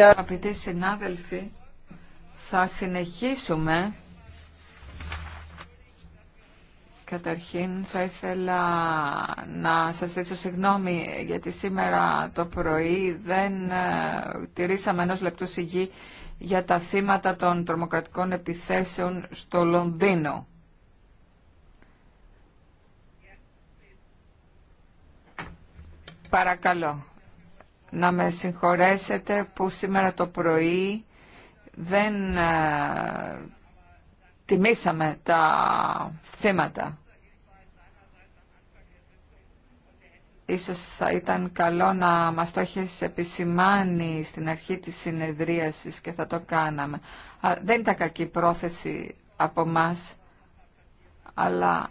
Αγαπητοί συνάδελφοι, θα συνεχίσουμε. Καταρχήν θα ήθελα να σας δείξω συγγνώμη γιατί σήμερα το πρωί δεν ε, τηρήσαμε ενός λεπτού συγγύη για τα θύματα των τρομοκρατικών επιθέσεων στο Λονδίνο. Παρακαλώ να με συγχωρέσετε που σήμερα το πρωί δεν τιμήσαμε τα θύματα. Ίσως θα ήταν καλό να μας το έχει επισημάνει στην αρχή της συνεδρίασης και θα το κάναμε. Δεν ήταν κακή πρόθεση από μας, αλλά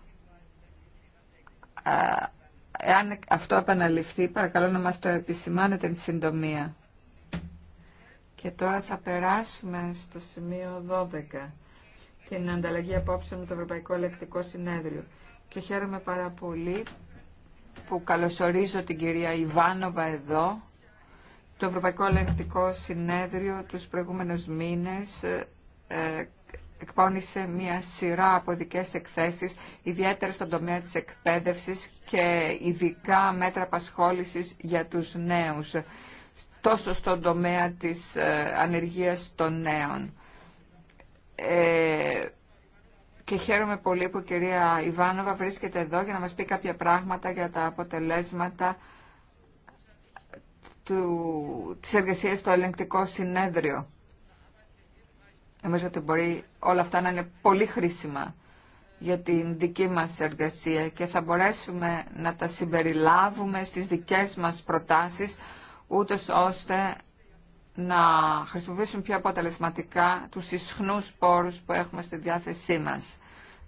εάν αυτό επαναληφθεί, παρακαλώ να μας το επισημάνετε εν συντομία. Και τώρα θα περάσουμε στο σημείο 12, την ανταλλαγή απόψε με το Ευρωπαϊκό Ελεκτικό Συνέδριο. Και χαίρομαι πάρα πολύ που καλωσορίζω την κυρία Ιβάνοβα εδώ. Το Ευρωπαϊκό Ελεκτικό Συνέδριο τους προηγούμενους μήνες ε, εκπώνησε μια σειρά από δικές εκθέσεις, ιδιαίτερα στον τομέα της εκπαίδευσης και ειδικά μέτρα απασχόλησης για τους νέους, τόσο στον τομέα της ε, ανεργίας των νέων. Ε, και χαίρομαι πολύ που η κυρία Ιβάνοβα βρίσκεται εδώ για να μας πει κάποια πράγματα για τα αποτελέσματα του, της εργασίας στο ελεγκτικό συνέδριο. Νομίζω ότι μπορεί όλα αυτά να είναι πολύ χρήσιμα για την δική μας εργασία και θα μπορέσουμε να τα συμπεριλάβουμε στις δικές μας προτάσεις ούτως ώστε να χρησιμοποιήσουμε πιο αποτελεσματικά τους ισχνούς πόρους που έχουμε στη διάθεσή μας.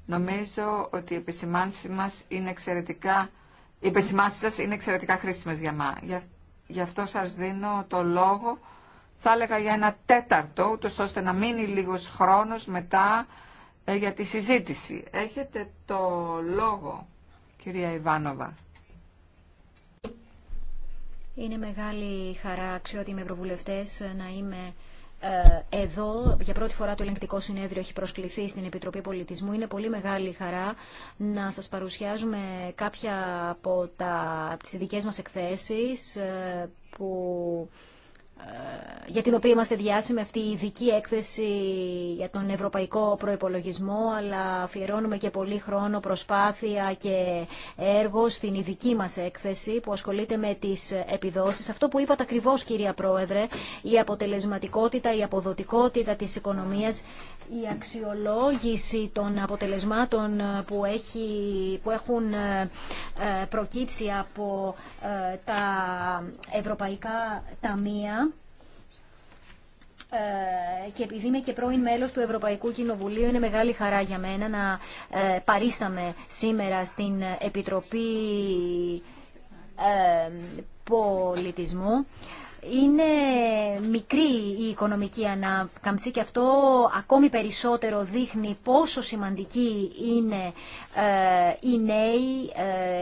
Νομίζω ότι οι επισημάνσεις μας είναι εξαιρετικά, οι σας είναι εξαιρετικά χρήσιμες για μας. Γι' αυτό σας δίνω το λόγο θα έλεγα για ένα τέταρτο, ούτω ώστε να μείνει λίγος χρόνος μετά ε, για τη συζήτηση. Έχετε το λόγο, κυρία Ιβάνοβα. Είναι μεγάλη χαρά, αξιότιμοι ευρωβουλευτές, να είμαι ε, εδώ για πρώτη φορά το ελεγκτικό συνέδριο έχει προσκληθεί στην Επιτροπή Πολιτισμού. Είναι πολύ μεγάλη χαρά να σας παρουσιάζουμε κάποια από, τα, τις ειδικές μας εκθέσεις ε, που ε, για την οποία είμαστε διάσημοι αυτή η ειδική έκθεση για τον ευρωπαϊκό προϋπολογισμό, αλλά αφιερώνουμε και πολύ χρόνο, προσπάθεια και έργο στην ειδική μας έκθεση που ασχολείται με τις επιδόσεις. Αυτό που είπατε ακριβώ, κυρία Πρόεδρε, η αποτελεσματικότητα, η αποδοτικότητα της οικονομίας, η αξιολόγηση των αποτελεσμάτων που, που έχουν ε, προκύψει από ε, τα ευρωπαϊκά ταμεία, ε, και επειδή είμαι και πρώην μέλος του Ευρωπαϊκού Κοινοβουλίου, είναι μεγάλη χαρά για μένα να ε, παρίσταμε σήμερα στην Επιτροπή ε, Πολιτισμού είναι μικρή η οικονομική ανάκαμψη και αυτό ακόμη περισσότερο δείχνει πόσο σημαντική είναι ε, οι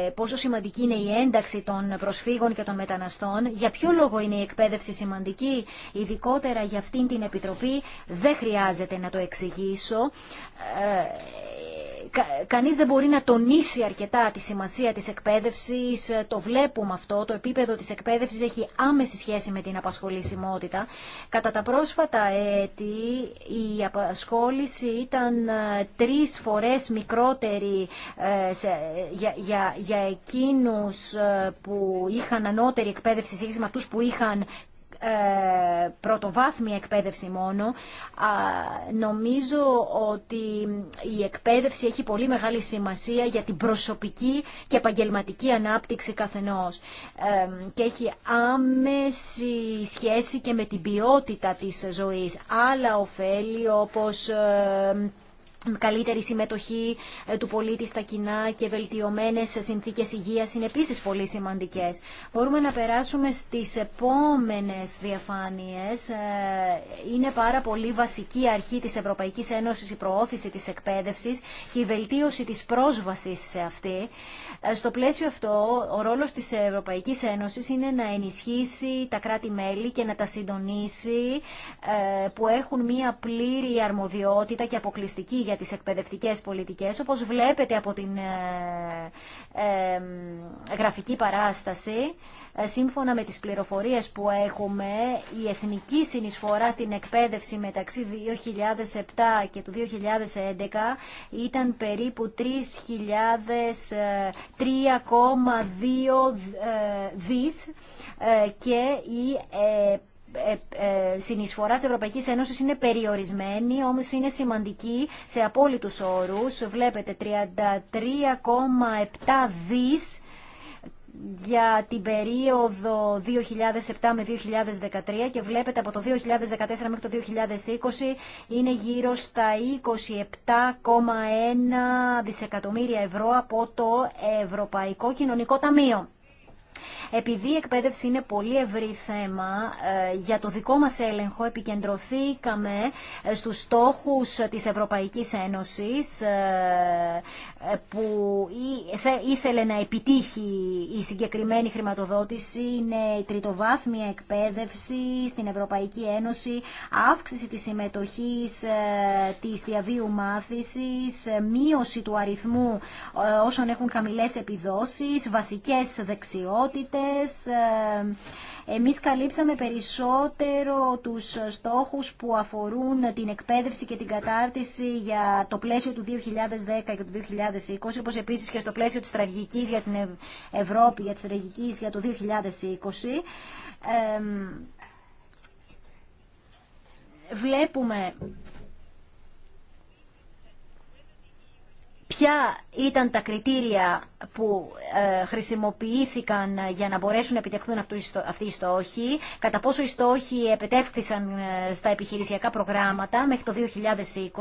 ε, πόσο σημαντική είναι η ένταξη των προσφύγων και των μεταναστών. Για ποιο λόγο είναι η εκπαίδευση σημαντική, ειδικότερα για αυτήν την Επιτροπή, δεν χρειάζεται να το εξηγήσω. Ε, κανείς δεν μπορεί να τονίσει αρκετά τη σημασία της εκπαίδευσης, ε, το βλέπουμε αυτό, το επίπεδο της εκπαίδευσης έχει άμεση σχέση με την απασχολησιμότητα. Κατά τα πρόσφατα έτη η απασχόληση ήταν ε, τρεις φορές μικρότερη ε, για, για, εκείνους που είχαν ανώτερη εκπαίδευση σε με αυτούς που είχαν ε, πρωτοβάθμια εκπαίδευση μόνο. Νομίζω ότι η εκπαίδευση έχει πολύ μεγάλη σημασία για την προσωπική και επαγγελματική ανάπτυξη καθενός ε, και έχει άμεση σχέση και με την ποιότητα της ζωής. Άλλα ωφέλη όπως ε, Καλύτερη συμμετοχή ε, του πολίτη στα κοινά και βελτιωμένες συνθήκες υγείας είναι επίσης πολύ σημαντικές. Μπορούμε να περάσουμε στις επόμενες διαφάνειες. Ε, είναι πάρα πολύ βασική αρχή της Ευρωπαϊκής Ένωσης η προώθηση της εκπαίδευσης και η βελτίωση της πρόσβασης σε αυτή. Ε, στο πλαίσιο αυτό, ο ρόλος της Ευρωπαϊκής Ένωσης είναι να ενισχύσει τα κράτη-μέλη και να τα συντονίσει που έχουν μία πλήρη αρμοδιότητα και αποκλειστική για τις εκπαιδευτικές πολιτικές. Όπως βλέπετε από την ε, ε, γραφική παράσταση, ε, σύμφωνα με τις πληροφορίες που έχουμε, η εθνική συνεισφορά στην εκπαίδευση μεταξύ 2007 και του 2011 ήταν περίπου 3,2 δις και η ε, ε, συνεισφορά της Ευρωπαϊκής Ένωσης είναι περιορισμένη, όμως είναι σημαντική σε απόλυτους όρους. Βλέπετε 33,7 δις για την περίοδο 2007 με 2013 και βλέπετε από το 2014 μέχρι το 2020 είναι γύρω στα 27,1 δισεκατομμύρια ευρώ από το Ευρωπαϊκό Κοινωνικό Ταμείο. Επειδή η εκπαίδευση είναι πολύ ευρύ θέμα, ε, για το δικό μας έλεγχο επικεντρωθήκαμε ε, στους στόχους της Ευρωπαϊκής Ένωσης ε, που ήθελε να επιτύχει η συγκεκριμένη χρηματοδότηση. Είναι η τριτοβάθμια εκπαίδευση στην Ευρωπαϊκή Ένωση, αύξηση της συμμετοχής της διαβίου μάθησης, μείωση του αριθμού όσων έχουν χαμηλές επιδόσεις, βασικές δεξιότητες, ε, εμείς καλύψαμε περισσότερο τους στόχους που αφορούν την εκπαίδευση και την κατάρτιση για το πλαίσιο του 2010 και του 2020, όπως επίσης και στο πλαίσιο της στρατηγικής για την Ευρώπη, για τη στρατηγική για το 2020. Βλέπουμε ποια ήταν τα κριτήρια που ε, χρησιμοποιήθηκαν για να μπορέσουν να επιτευχθούν αυτοί οι στόχοι, κατά πόσο οι στόχοι επετεύχθησαν ε, στα επιχειρησιακά προγράμματα μέχρι το 2020,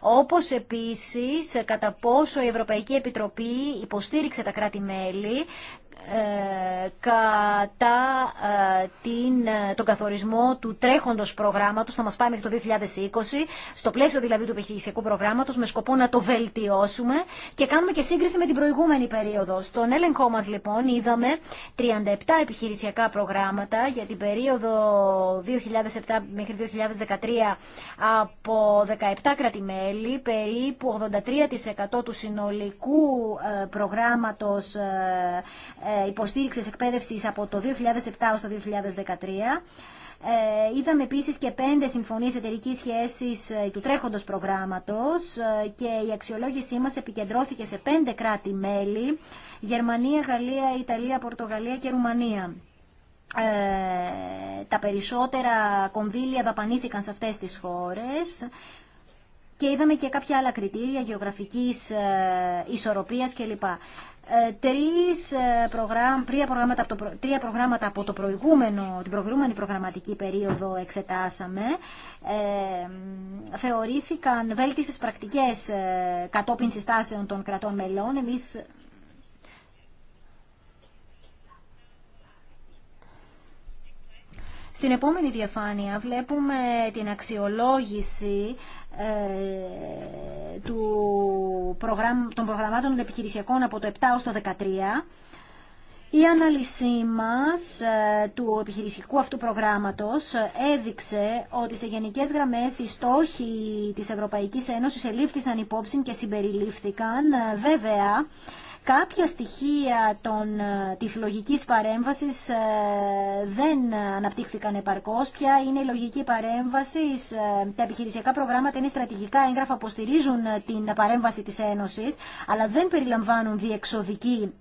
όπως επίσης ε, κατά πόσο η Ευρωπαϊκή Επιτροπή υποστήριξε τα κράτη-μέλη ε, κατά ε, την, ε, τον καθορισμό του τρέχοντος προγράμματος, θα μας πάει μέχρι το 2020, στο πλαίσιο δηλαδή του επιχειρησιακού προγράμματος, με σκοπό να το βελτιώσουμε και κάνουμε και σύγκριση με την προηγούμενη περίοδο. Στον έλεγχό μας λοιπόν είδαμε 37 επιχειρησιακά προγράμματα για την περίοδο 2007 μέχρι 2013 από 17 κρατημέλη, περίπου 83% του συνολικού προγράμματος ε, υποστήριξης εκπαίδευση από το 2007 ω το 2013. Ε, είδαμε επίσης και πέντε συμφωνίες εταιρική σχέσης ε, του τρέχοντος προγράμματος και η αξιολόγησή μας επικεντρώθηκε σε πέντε κράτη-μέλη, Γερμανία, Γαλλία, Ιταλία, Πορτογαλία και Ρουμανία. Τα περισσότερα κονδύλια δαπανήθηκαν σε αυτές τις χώρες και είδαμε και κάποια άλλα κριτήρια γεωγραφικής ισορροπίας κλπ. Ε, τρεις ε, προγράμ, τρία, προγράμματα από το, τρία προγράμματα από το προηγούμενο, την προηγούμενη προγραμματική περίοδο εξετάσαμε. Ε, θεωρήθηκαν βέλτιστες πρακτικές ε, κατόπιν συστάσεων των κρατών μελών. Εμείς Στην επόμενη διαφάνεια βλέπουμε την αξιολόγηση ε, του των προγραμμάτων επιχειρησιακών από το 7 ως το 13. Η ανάλυση μας ε, του επιχειρησιακού αυτού προγράμματος ε, έδειξε ότι σε γενικές γραμμές οι στόχοι της Ευρωπαϊκής Ένωσης ελήφθησαν υπόψη και συμπεριλήφθηκαν. Βέβαια, Κάποια στοιχεία των, ε, της λογικής παρέμβασης ε, δεν αναπτύχθηκαν επαρκώς. Ποια είναι η λογική παρέμβαση. Ε, τα επιχειρησιακά προγράμματα είναι στρατηγικά έγγραφα που στηρίζουν την παρέμβαση της Ένωσης, αλλά δεν περιλαμβάνουν διεξοδική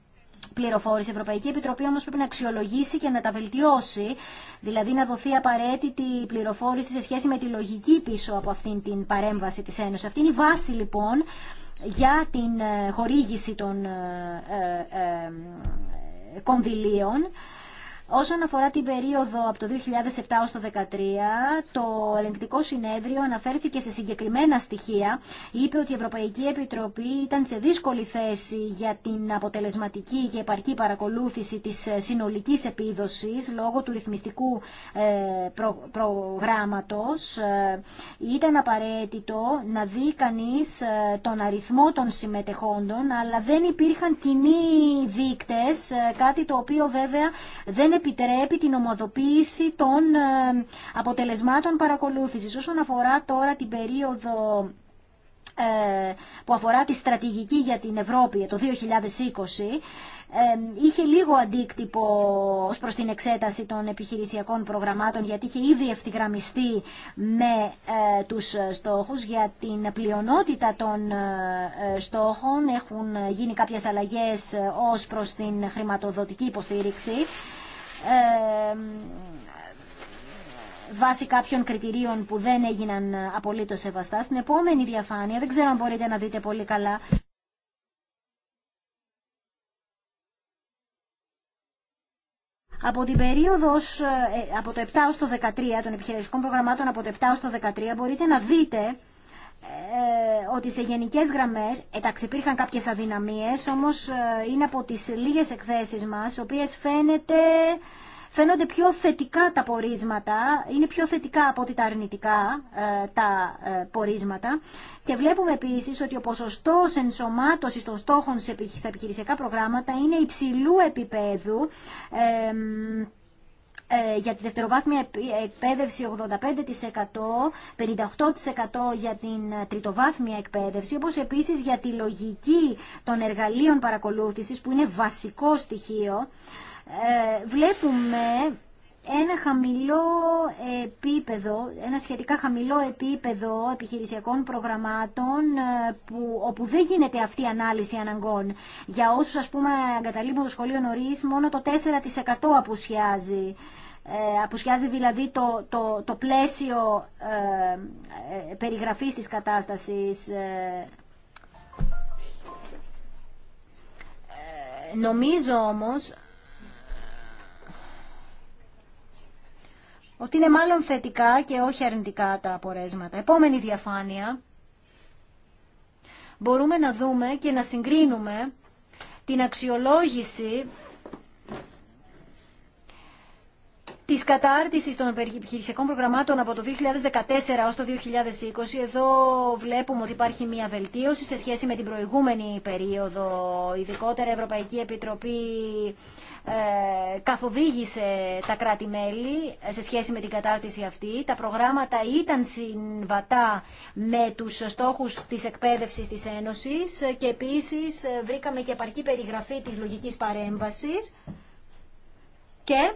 πληροφόρηση. Η Ευρωπαϊκή Επιτροπή όμω πρέπει να αξιολογήσει και να τα βελτιώσει, δηλαδή να δοθεί απαραίτητη πληροφόρηση σε σχέση με τη λογική πίσω από αυτήν την παρέμβαση της Ένωσης. Αυτή είναι η βάση λοιπόν για την ε, χορήγηση των ε, ε, κονδυλίων Όσον αφορά την περίοδο από το 2007 έως το 2013, το ελεγκτικό συνέδριο αναφέρθηκε σε συγκεκριμένα στοιχεία. Είπε ότι η Ευρωπαϊκή Επιτροπή ήταν σε δύσκολη θέση για την αποτελεσματική και επαρκή παρακολούθηση της ε, συνολικής επίδοσης λόγω του ρυθμιστικού ε, προγράμματος. Ε, ήταν απαραίτητο να δει κανείς τον αριθμό των συμμετεχόντων, αλλά δεν υπήρχαν κοινοί δείκτες, κάτι το οποίο βέβαια δεν επιτρέπει την ομοδοποίηση των ε, αποτελεσμάτων παρακολούθησης. Όσον αφορά τώρα την περίοδο ε, που αφορά τη στρατηγική για την Ευρώπη το 2020 ε, είχε λίγο αντίκτυπο ως προς την εξέταση των επιχειρησιακών προγραμμάτων γιατί είχε ήδη ευθυγραμμιστεί με τους στόχους για την πλειονότητα των στόχων έχουν γίνει κάποιες αλλαγές ως προς την χρηματοδοτική υποστήριξη βάσει κάποιων κριτηρίων που δεν έγιναν απολύτως σεβαστά. Στην επόμενη διαφάνεια, δεν ξέρω αν μπορείτε να δείτε πολύ καλά, Από την περίοδο ε, από το 7 ως το 13, των επιχειρηματικών προγραμμάτων από το 7 ως το 13, μπορείτε να δείτε ε, ότι σε γενικές γραμμές, εντάξει υπήρχαν κάποιες αδυναμίες, όμως ε, είναι από τις λίγες εκθέσεις μας, οι οποίες φαίνεται, φαίνονται πιο θετικά τα πορίσματα, είναι πιο θετικά από ότι τα αρνητικά ε, τα πορίσματα. Και βλέπουμε επίσης ότι ο ποσοστός ενσωμάτωσης των στόχων σε επιχειρησιακά προγράμματα είναι υψηλού επίπεδου, ε, για τη δευτεροβάθμια εκπαίδευση 85%, 58% για την ε, τριτοβάθμια εκπαίδευση, όπως επίσης για τη λογική των εργαλείων παρακολούθησης που είναι βασικό στοιχείο. Ε, βλέπουμε ένα χαμηλό επίπεδο, ένα σχετικά χαμηλό επίπεδο επιχειρησιακών προγραμμάτων που, όπου δεν γίνεται αυτή η ανάλυση αναγκών. Για όσους ας πούμε εγκαταλείπουν το σχολείο νωρίς, μόνο το 4% απουσιάζει. Ε, Αποσκιάζει δηλαδή το, το, το πλαίσιο ε, ε, περιγραφής της κατάστασης Νομίζω όμως ότι είναι μάλλον θετικά και όχι αρνητικά τα απορέσματα. Επόμενη διαφάνεια. Μπορούμε να δούμε και να συγκρίνουμε την αξιολόγηση Τη κατάρτιση των επιχειρησιακών προγραμμάτων από το 2014 έως το 2020. Εδώ βλέπουμε ότι υπάρχει μια βελτίωση σε σχέση με την προηγούμενη περίοδο. Ειδικότερα η Ευρωπαϊκή Επιτροπή ε, καθοδήγησε τα κράτη-μέλη σε σχέση με την κατάρτιση αυτή. Τα προγράμματα ήταν συμβατά με τους στόχους της εκπαίδευσης της Ένωσης και επίσης ε, βρήκαμε και επαρκή περιγραφή της λογικής παρέμβασης και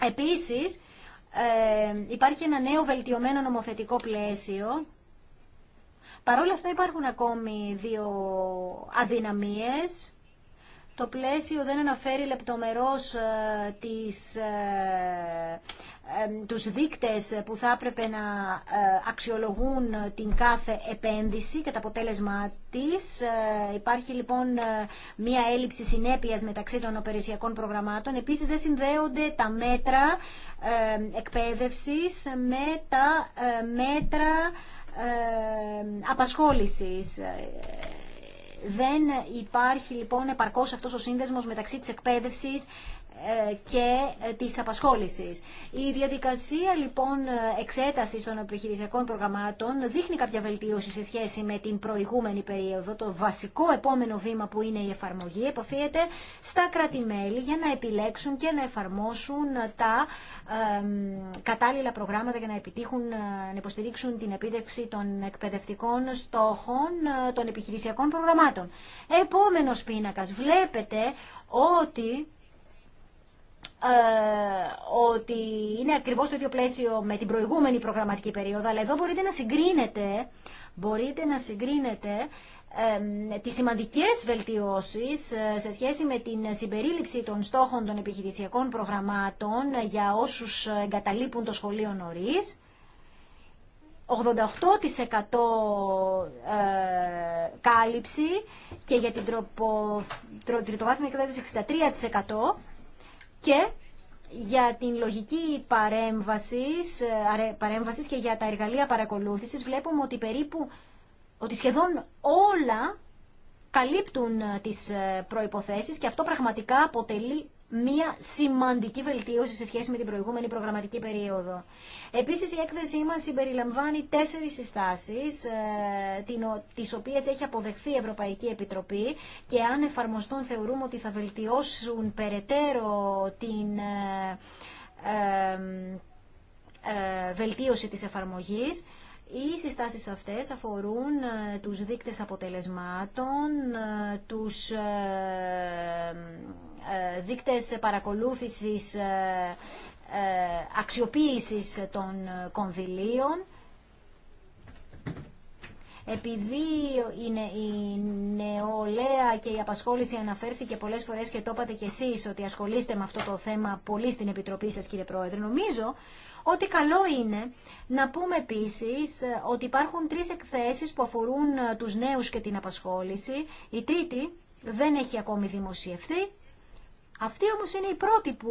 Επίσης, ε, υπάρχει ένα νέο βελτιωμένο νομοθετικό πλαίσιο. Παρόλα αυτά υπάρχουν ακόμη δύο αδυναμίες. Το πλαίσιο δεν αναφέρει λεπτομερώς ε, τις ε, τους δείκτες που θα έπρεπε να ε, αξιολογούν την κάθε επένδυση και το αποτέλεσμα της. Ε, υπάρχει λοιπόν ε, μία έλλειψη συνέπειας μεταξύ των οπερισιακών προγραμμάτων. Επίσης δεν συνδέονται τα μέτρα εκπαίδευσης με τα μέτρα απασχόλησης. Δεν υπάρχει λοιπόν επαρκώς αυτός ο σύνδεσμος μεταξύ της εκπαίδευσης ε, και ε, της απασχόλησης. Η διαδικασία λοιπόν ε, εξέτασης των επιχειρησιακών προγραμμάτων δείχνει κάποια βελτίωση σε σχέση με την προηγούμενη περίοδο. Το βασικό επόμενο βήμα που είναι η εφαρμογή επαφίεται στα κράτη-μέλη για να επιλέξουν και να εφαρμόσουν τα κατάλληλα προγράμματα για να επιτύχουν, να υποστηρίξουν την επίτευξη των εκπαιδευτικών στόχων των επιχειρησιακών προγραμμάτων. Επόμενος πίνακας. Βλέπετε ότι ε, ότι είναι ακριβώς το ίδιο πλαίσιο με την προηγούμενη προγραμματική περίοδο, αλλά εδώ μπορείτε να συγκρίνετε, μπορείτε να συγκρίνετε τις σημαντικές βελτιώσεις ε, σε σχέση με την συμπερίληψη των στόχων των επιχειρησιακών προγραμμάτων για όσους εγκαταλείπουν το σχολείο νωρίς. 88% ε, κάλυψη και για την τριτοβάθμια εκπαίδευση 63% και για την λογική παρέμβασης, ε, παρέμβασης και για τα εργαλεία παρακολούθησης βλέπουμε ότι περίπου ότι σχεδόν όλα καλύπτουν ε, τις ε, προϋποθέσεις και αυτό πραγματικά αποτελεί μία σημαντική βελτίωση σε σχέση με την προηγούμενη προγραμματική περίοδο. Επίσης, η έκθεσή μας συμπεριλαμβάνει τέσσερις συστάσεις, ε, τις οποίες έχει αποδεχθεί η Ευρωπαϊκή Επιτροπή και αν εφαρμοστούν θεωρούμε ότι θα βελτιώσουν περαιτέρω την ε, ε, βελτίωση της εφαρμογής. Οι συστάσεις αυτές αφορούν τους δείκτες αποτελεσμάτων, τους ε, δείκτες παρακολούθησης ε, ε, αξιοποίησης των κονδυλίων επειδή είναι η νεολαία και η απασχόληση αναφέρθηκε πολλές φορές και το είπατε κι εσείς ότι ασχολείστε με αυτό το θέμα πολύ στην Επιτροπή σας κύριε Πρόεδρε, νομίζω ότι καλό είναι να πούμε επίσης ότι υπάρχουν τρεις εκθέσεις που αφορούν τους νέους και την απασχόληση. Η τρίτη δεν έχει ακόμη δημοσιευθεί αυτή όμως είναι η πρώτη που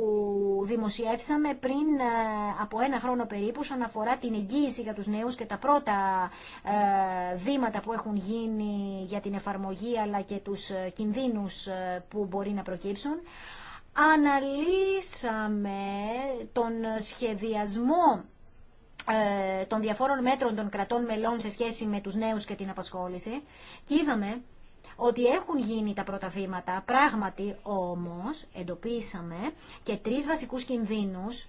δημοσιεύσαμε πριν ε, από ένα χρόνο περίπου σαν αφορά την εγγύηση για τους νέους και τα πρώτα ε, βήματα που έχουν γίνει για την εφαρμογή αλλά και τους ε, κινδύνους που μπορεί να προκύψουν. Αναλύσαμε τον σχεδιασμό των διαφόρων μέτρων των κρατών μελών σε σχέση με τους νέους και την απασχόληση και είδαμε ότι έχουν γίνει τα πρώτα βήματα. Πράγματι όμως εντοπίσαμε και τρεις βασικούς κινδύνους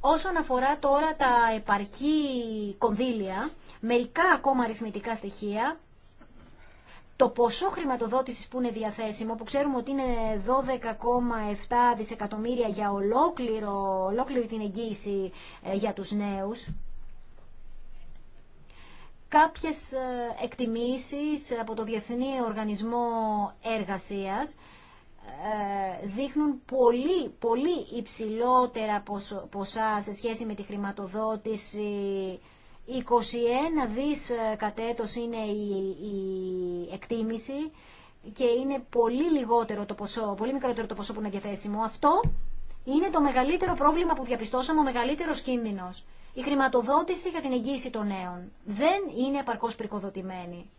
Όσον αφορά τώρα τα επαρκή κονδύλια, μερικά ακόμα αριθμητικά στοιχεία το ποσό χρηματοδότησης που είναι διαθέσιμο, που ξέρουμε ότι είναι 12,7 δισεκατομμύρια για ολόκληρο, ολόκληρη την εγγύηση ε, για τους νέους, κάποιες ε, εκτιμήσεις από το Διεθνή Οργανισμό Εργασίας ε, δείχνουν πολύ, πολύ υψηλότερα ποσά σε σχέση με τη χρηματοδότηση 21 δις ε, κατέτος είναι η, η εκτίμηση και είναι πολύ λιγότερο το ποσό, πολύ μικρότερο το ποσό που είναι διαθέσιμο. Αυτό είναι το μεγαλύτερο πρόβλημα που διαπιστώσαμε, ο μεγαλύτερο κίνδυνο. Η χρηματοδότηση για την εγγύηση των νέων δεν είναι επαρκώ πρικοδοτημένη.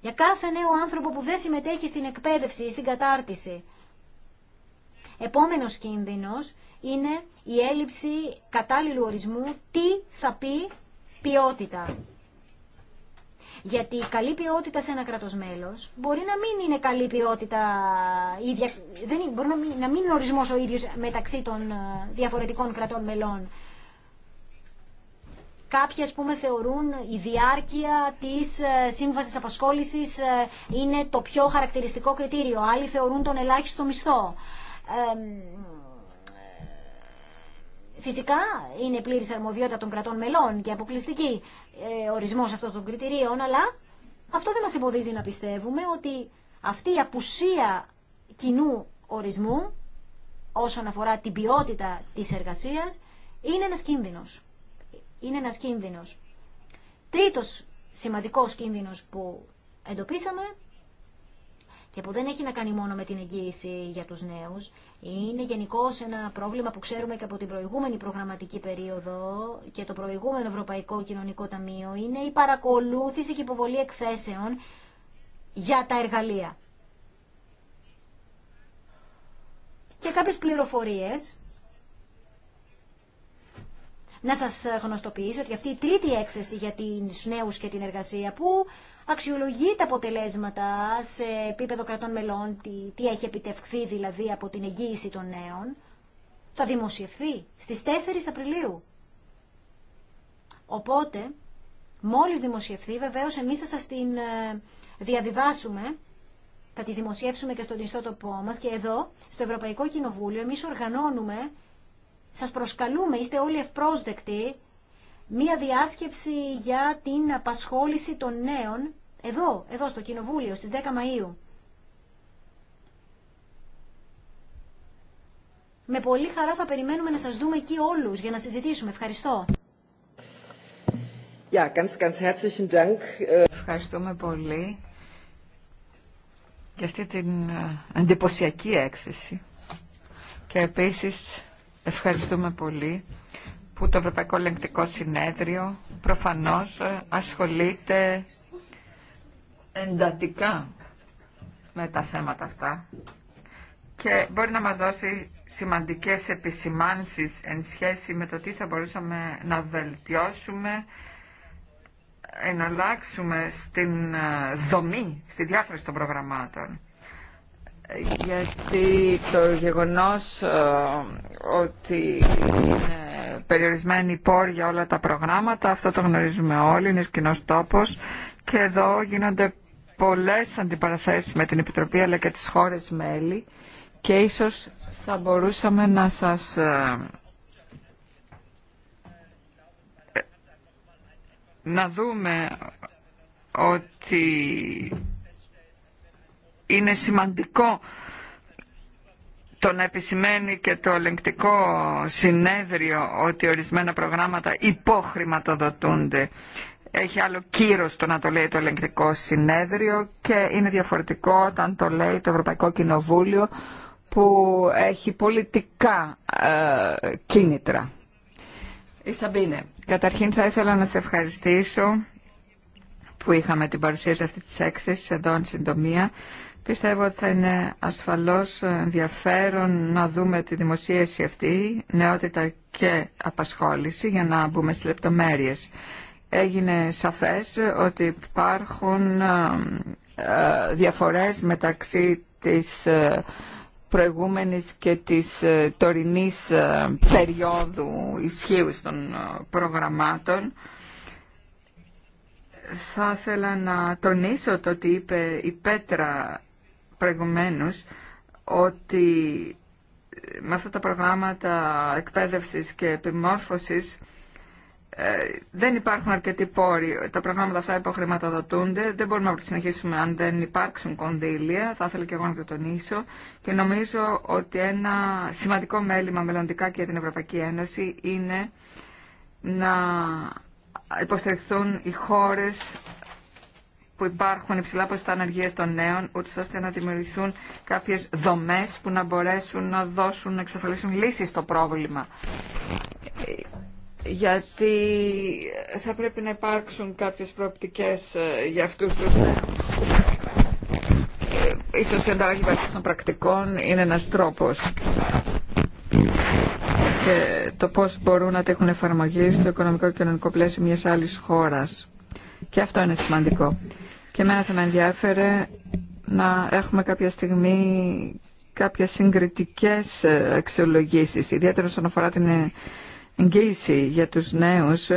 Για κάθε νέο άνθρωπο που δεν συμμετέχει στην εκπαίδευση ή στην κατάρτιση. Επόμενο κίνδυνο είναι η έλλειψη κατάλληλου ορισμού τι θα πει ποιότητα. Γιατί η καλή ποιότητα σε ένα κράτο μέλο μπορεί να μην είναι καλή ποιότητα, ίδια, δεν είναι, μπορεί να μην, να μην είναι ορισμό ο ίδιο μεταξύ των ε, διαφορετικών κρατών μελών. Κάποιοι, α πούμε, θεωρούν η διάρκεια της ε, σύμβασης απασχόλησης ε, είναι το πιο χαρακτηριστικό κριτήριο. Άλλοι θεωρούν τον ελάχιστο μισθό. Φυσικά είναι πλήρης αρμοδιότητα των κρατών μελών και αποκλειστική ε, ορισμός αυτών των κριτηρίων, αλλά αυτό δεν μας εμποδίζει να πιστεύουμε ότι αυτή η απουσία κοινού ορισμού όσον αφορά την ποιότητα της εργασίας είναι ένας κίνδυνος. Είναι ένας κίνδυνο. Τρίτος σημαντικός κίνδυνος που εντοπίσαμε και που δεν έχει να κάνει μόνο με την εγγύηση για τους νέους. Είναι γενικώ ένα πρόβλημα που ξέρουμε και από την προηγούμενη προγραμματική περίοδο και το προηγούμενο Ευρωπαϊκό Κοινωνικό Ταμείο είναι η παρακολούθηση και υποβολή εκθέσεων για τα εργαλεία. Και κάποιες πληροφορίες να σας γνωστοποιήσω ότι αυτή η τρίτη έκθεση για τους νέους και την εργασία που αξιολογεί τα αποτελέσματα σε επίπεδο κρατών μελών, τι, έχει επιτευχθεί δηλαδή από την εγγύηση των νέων, θα δημοσιευθεί στις 4 Απριλίου. Οπότε, μόλις δημοσιευθεί, βεβαίως εμείς θα σας την ε, διαβιβάσουμε, θα τη δημοσιεύσουμε και στον ιστότοπό μας και εδώ, στο Ευρωπαϊκό Κοινοβούλιο, εμείς οργανώνουμε, σας προσκαλούμε, είστε όλοι ευπρόσδεκτοι, μία διάσκεψη για την απασχόληση των νέων εδώ, εδώ στο Κοινοβούλιο, στις 10 Μαΐου. Με πολύ χαρά θα περιμένουμε να σας δούμε εκεί όλους για να συζητήσουμε. Ευχαριστώ. Ja, ganz, ganz herzlichen Dank. Ε, ευχαριστούμε πολύ για αυτή την ε, εντυπωσιακή έκθεση. Και επίσης ευχαριστούμε πολύ που το Ευρωπαϊκό Ελεγκτικό Συνέδριο προφανώς ε, ασχολείται εντατικά με τα θέματα αυτά και μπορεί να μας δώσει σημαντικές επισημάνσεις εν σχέση με το τι θα μπορούσαμε να βελτιώσουμε να αλλάξουμε στην ε, δομή, στη διάφραση των προγραμμάτων. Ε, γιατί το γεγονός ότι περιορισμένη πόρ για όλα τα προγράμματα, αυτό το γνωρίζουμε όλοι, είναι κοινό τόπο, και εδώ γίνονται πολλές αντιπαραθέσεις με την Επιτροπή αλλά και τι χώρες μέλη και ίσω θα μπορούσαμε να σα ε, να δούμε ότι είναι σημαντικό το να επισημαίνει και το ελεγκτικό συνέδριο ότι ορισμένα προγράμματα υποχρηματοδοτούνται έχει άλλο κύρος το να το λέει το ελεγκτικό συνέδριο και είναι διαφορετικό όταν το λέει το Ευρωπαϊκό Κοινοβούλιο που έχει πολιτικά ε, κίνητρα. Η Σαμπίνε, καταρχήν θα ήθελα να σε ευχαριστήσω που είχαμε την παρουσίαση αυτή της έκθεσης εδώ εν συντομία Πιστεύω ότι θα είναι ασφαλώς ενδιαφέρον να δούμε τη δημοσίευση αυτή, νεότητα και απασχόληση, για να μπούμε στις λεπτομέρειες. Έγινε σαφές ότι υπάρχουν ε, ε, διαφορές μεταξύ της ε, προηγούμενης και της τωρινής περίοδου ισχύου των προγραμμάτων. Θα ήθελα να τονίσω το ότι είπε η Πέτρα προηγουμένως ότι με αυτά τα προγράμματα εκπαίδευσης και επιμόρφωσης ε, δεν υπάρχουν αρκετοί πόροι. Τα προγράμματα αυτά υποχρηματοδοτούνται. Δεν μπορούμε να συνεχίσουμε αν δεν υπάρξουν κονδύλια. Θα ήθελα και εγώ να το τονίσω. Και νομίζω ότι ένα σημαντικό μέλημα μελλοντικά και για την Ευρωπαϊκή Ένωση είναι να υποστηριχθούν οι χώρες που υπάρχουν υψηλά ποσοστά ανεργία των νέων, ούτω ώστε να δημιουργηθούν κάποιε δομέ που να μπορέσουν να δώσουν, να εξασφαλίσουν λύσει στο πρόβλημα. Γιατί θα πρέπει να υπάρξουν κάποιες προοπτικές ε, για αυτούς τους νέους. Ε, ίσως η ανταλλαγή των πρακτικών είναι ένας τρόπος και το πώς μπορούν να τέχουν εφαρμογή στο οικονομικό και κοινωνικό πλαίσιο μιας άλλης χώρας. Και αυτό είναι σημαντικό. Και εμένα θα με ενδιάφερε να έχουμε κάποια στιγμή κάποιες συγκριτικές ε, αξιολογήσεις, ιδιαίτερα όσον αφορά την εγγύηση για τους νέους.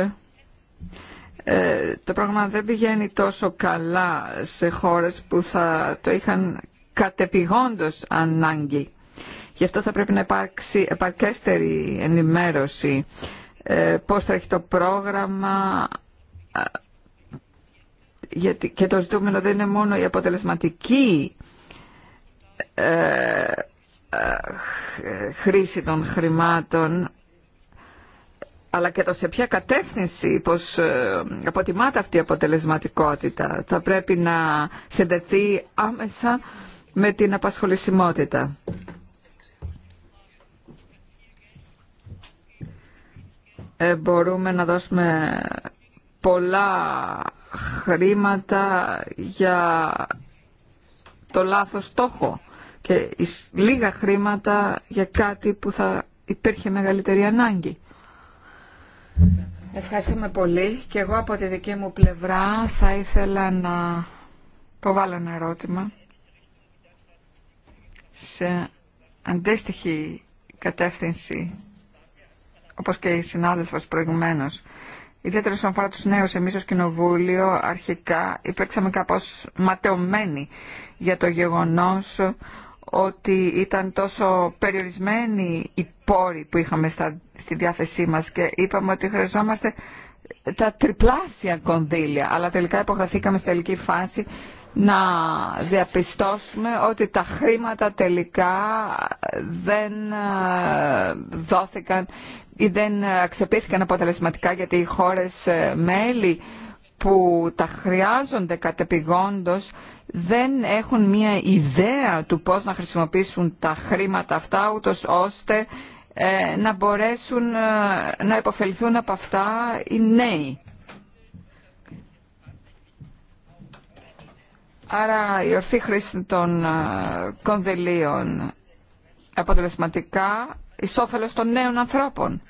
Ε, το πρόγραμμα δεν πηγαίνει τόσο καλά σε χώρες που θα το είχαν κατεπηγόντως ανάγκη. Γι' αυτό θα πρέπει να υπάρξει επαρκέστερη ενημέρωση. Ε, πώς θα έχει το πρόγραμμα, γιατί και το ζητούμενο δεν είναι μόνο η αποτελεσματική ε, ε, χρήση των χρημάτων αλλά και το σε ποια κατεύθυνση πως ε, αποτιμάται αυτή η αποτελεσματικότητα θα πρέπει να συνδεθεί άμεσα με την απασχολησιμότητα. Ε, μπορούμε να δώσουμε πολλά χρήματα για το λάθος στόχο και λίγα χρήματα για κάτι που θα υπήρχε μεγαλύτερη ανάγκη. Ευχαριστούμε πολύ και εγώ από τη δική μου πλευρά θα ήθελα να υποβάλω ένα ερώτημα σε αντίστοιχη κατεύθυνση όπως και η συνάδελφος προηγουμένως ιδιαίτερα όσον αφορά τους νέους εμείς ως Κοινοβούλιο αρχικά υπήρξαμε κάπως ματαιωμένοι για το γεγονός ότι ήταν τόσο περιορισμένοι οι πόροι που είχαμε στη διάθεσή μας και είπαμε ότι χρειαζόμαστε τα τριπλάσια κονδύλια, αλλά τελικά υπογραφήκαμε στη τελική φάση να διαπιστώσουμε ότι τα χρήματα τελικά δεν ε, δόθηκαν ή δεν αξιοποιήθηκαν αποτελεσματικά γιατί οι χώρες ε, μέλη που τα χρειάζονται κατεπηγόντως δεν έχουν μια ιδέα του πώς να χρησιμοποιήσουν τα χρήματα αυτά ούτως ώστε ε, να μπορέσουν ε, να υποφεληθούν από αυτά οι νέοι. Άρα η ορθή χρήση των ε, κονδυλίων αποτελεσματικά εις όφελος των νέων ανθρώπων.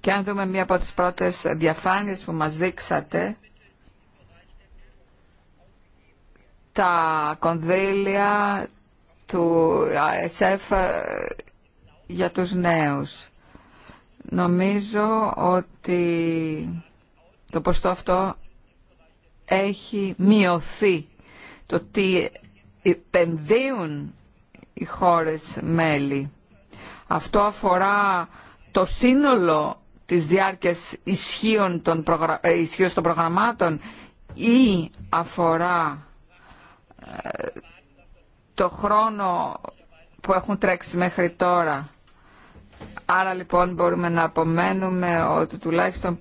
Και αν δούμε μία από τις πρώτες διαφάνειες που μας δείξατε, τα κονδύλια του ΑΕΣΕΦ ε, για τους νέους. Νομίζω ότι το ποστό αυτό έχει μειωθεί. Το τι επενδύουν οι χώρες μέλη. Αυτό αφορά το σύνολο της διάρκειας ισχύων των, προγρα... Ε, προγραμμάτων ή αφορά ε, το χρόνο που έχουν τρέξει μέχρι τώρα. Άρα λοιπόν μπορούμε να απομένουμε ότι τουλάχιστον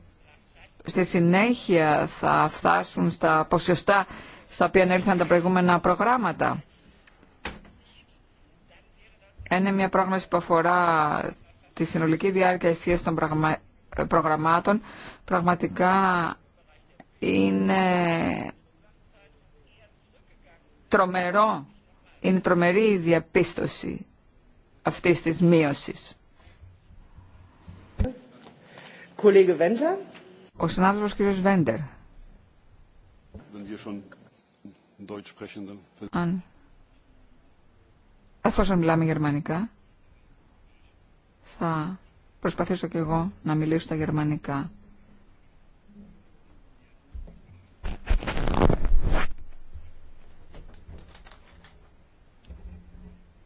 στη συνέχεια θα φτάσουν στα ποσοστά στα οποία έλθαν τα προηγούμενα προγράμματα είναι μια πρόγνωση που αφορά τη συνολική διάρκεια ισχύω των πραγμα... προγραμμάτων. Πραγματικά είναι τρομερό, είναι τρομερή η διαπίστωση αυτής της μείωσης. Ο συνάδελφος κ. Βέντερ. Αν εφόσον μιλάμε γερμανικά, θα προσπαθήσω και εγώ να μιλήσω στα γερμανικά.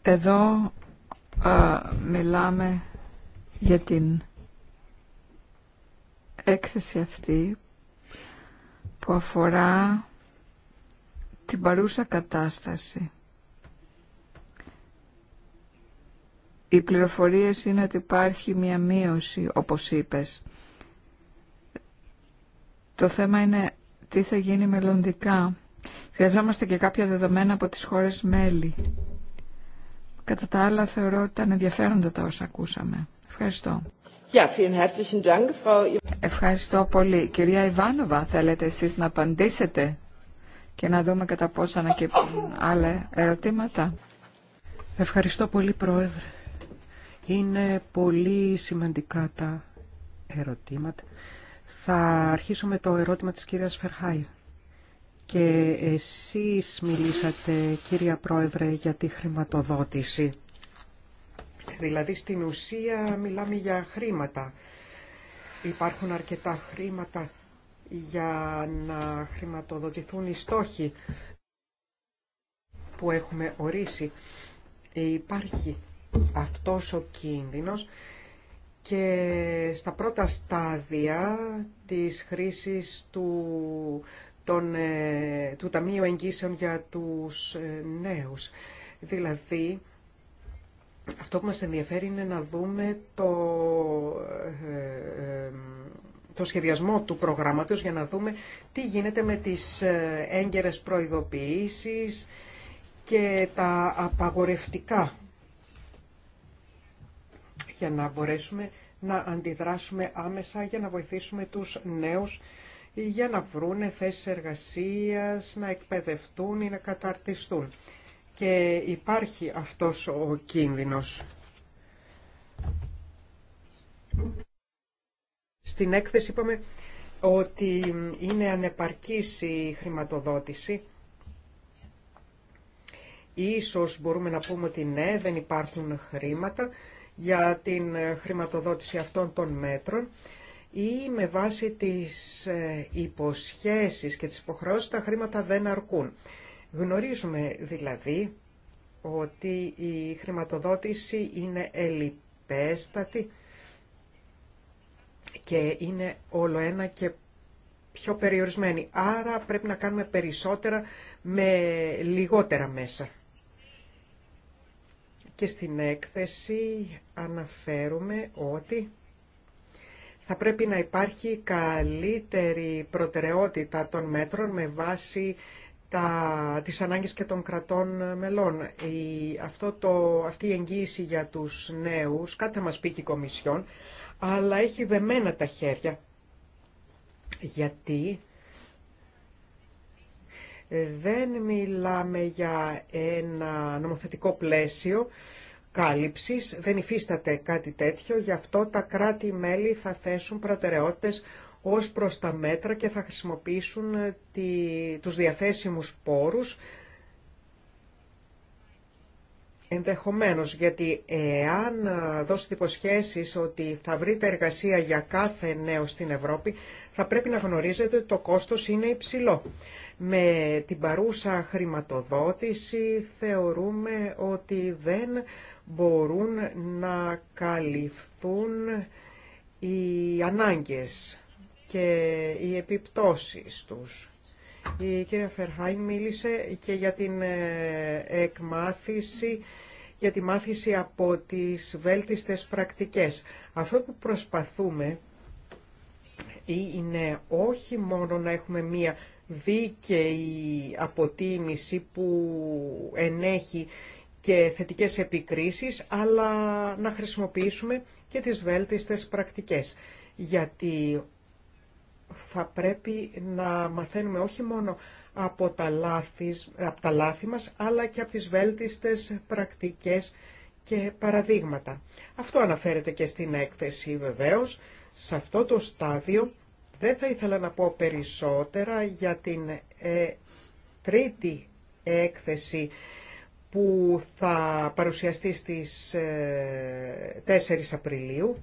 Εδώ μιλάμε για την έκθεση αυτή που αφορά την παρούσα κατάσταση. Οι πληροφορίες είναι ότι υπάρχει μια μείωση, όπως είπες. Το θέμα είναι τι θα γίνει μελλοντικά. Χρειαζόμαστε και κάποια δεδομένα από τις χώρες μέλη. Κατά τα άλλα θεωρώ ότι ήταν ενδιαφέροντα τα όσα ακούσαμε. Ευχαριστώ. herzlichen Frau... Ευχαριστώ πολύ. Κυρία Ιβάνοβα, θέλετε εσείς να απαντήσετε και να δούμε κατά πόσα ανακύπτουν άλλα ερωτήματα. Ευχαριστώ πολύ, Πρόεδρε. Είναι πολύ σημαντικά τα ερωτήματα. Θα αρχίσουμε με το ερώτημα της κυρίας Φερχάη. Και εσείς μιλήσατε, κυρία Πρόεδρε, για τη χρηματοδότηση. Δηλαδή, στην ουσία μιλάμε για χρήματα. Υπάρχουν αρκετά χρήματα για να χρηματοδοτηθούν οι στόχοι που έχουμε ορίσει. Υπάρχει αυτός ο κίνδυνος και στα πρώτα στάδια της χρήσης του, των, ε, του Ταμείου Εγγύσεων για τους ε, νέους. Δηλαδή, αυτό που μας ενδιαφέρει είναι να δούμε το, ε, το σχεδιασμό του προγράμματος για να δούμε τι γίνεται με τις έγκαιρες προειδοποιήσεις και τα απαγορευτικά για να μπορέσουμε να αντιδράσουμε άμεσα για να βοηθήσουμε τους νέους για να βρούνε θέσεις εργασίας, να εκπαιδευτούν ή να καταρτιστούν. Και υπάρχει αυτός ο κίνδυνος. Στην έκθεση είπαμε ότι είναι ανεπαρκής η χρηματοδότηση. Ίσως μπορούμε να πούμε ότι ναι, δεν υπάρχουν χρήματα, για την ε, χρηματοδότηση αυτών των μέτρων ή με βάση τις ε, υποσχέσεις και τις υποχρεώσεις τα χρήματα δεν αρκούν. Γνωρίζουμε δηλαδή ότι η χρηματοδότηση είναι ελιπέστατη και είναι όλο ένα και πιο περιορισμένη. Άρα πρέπει να κάνουμε περισσότερα με λιγότερα μέσα και στην έκθεση αναφέρουμε ότι θα πρέπει να υπάρχει καλύτερη προτεραιότητα των μέτρων με βάση τα, τις ανάγκες και των κρατών μελών. Η, αυτό το, αυτή η εγγύηση για τους νέους, κάτι θα μας πει και η Κομισιόν, αλλά έχει δεμένα τα χέρια. Γιατί δεν μιλάμε για ένα νομοθετικό πλαίσιο κάλυψης, δεν υφίσταται κάτι τέτοιο, γι' αυτό τα κράτη-μέλη θα θέσουν προτεραιότητες ως προς τα μέτρα και θα χρησιμοποιήσουν τη, τους διαθέσιμους πόρους Ενδεχομένως, γιατί εάν δώσετε υποσχέσεις ότι θα βρείτε εργασία για κάθε νέο στην Ευρώπη, θα πρέπει να γνωρίζετε ότι το κόστος είναι υψηλό. Με την παρούσα χρηματοδότηση θεωρούμε ότι δεν μπορούν να καλυφθούν οι ανάγκες και οι επιπτώσεις τους. Η κυρία Φερχάιν μίλησε και για την ε, εκμάθηση, για τη μάθηση από τις βέλτιστες πρακτικές. Αυτό που προσπαθούμε είναι όχι μόνο να έχουμε μία δίκαιη αποτίμηση που ενέχει και θετικές επικρίσεις, αλλά να χρησιμοποιήσουμε και τις βέλτιστες πρακτικές. Γιατί θα πρέπει να μαθαίνουμε όχι μόνο από τα λάθη, από τα λάθη μας, αλλά και από τις βέλτιστες πρακτικές και παραδείγματα. Αυτό αναφέρεται και στην έκθεση βεβαίως. Σε αυτό το στάδιο δεν θα ήθελα να πω περισσότερα για την ε, τρίτη έκθεση που θα παρουσιαστεί στις 4 ε, Απριλίου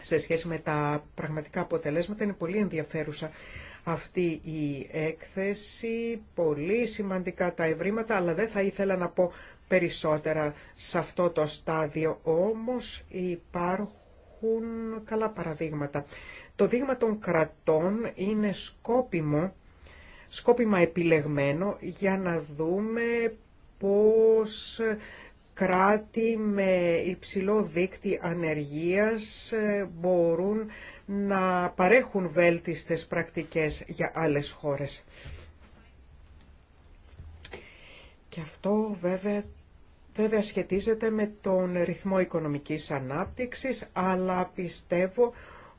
σε σχέση με τα πραγματικά αποτελέσματα. Είναι πολύ ενδιαφέρουσα αυτή η έκθεση, πολύ σημαντικά τα ευρήματα, αλλά δεν θα ήθελα να πω περισσότερα σε αυτό το στάδιο. Όμως υπάρχουν καλά παραδείγματα. Το δείγμα των κρατών είναι σκόπιμο, σκόπιμα επιλεγμένο για να δούμε πώς κράτη με υψηλό δίκτυ ανεργίας ε, μπορούν να παρέχουν βέλτιστες πρακτικές για άλλες χώρες. Και αυτό βέβαια βέβαια σχετίζεται με τον ρυθμό οικονομικής ανάπτυξης, αλλά πιστεύω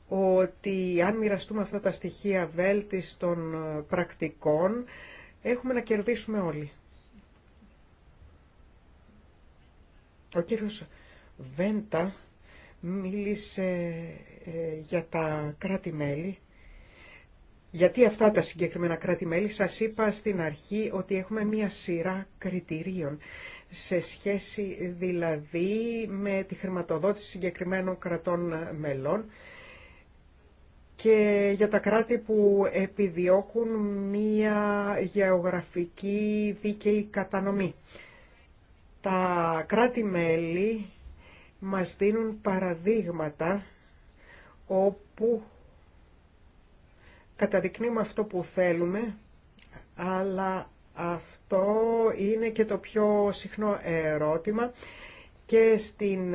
ότι αν μοιραστούμε αυτά τα στοιχεία βέλτιστων ε, πρακτικών, έχουμε να κερδίσουμε όλοι. Ο κύριος Βέντα μίλησε ε, για τα κράτη-μέλη. Γιατί αυτά τα συγκεκριμένα κράτη-μέλη, σας είπα στην αρχή ότι έχουμε μία σειρά κριτηρίων σε σχέση δηλαδή με τη χρηματοδότηση συγκεκριμένων κρατών μελών και για τα κράτη που επιδιώκουν μία γεωγραφική δίκαιη κατανομή. Τα κράτη-μέλη μας δίνουν παραδείγματα όπου καταδεικνύουμε αυτό που θέλουμε, αλλά αυτό είναι και το πιο συχνό ερώτημα και στην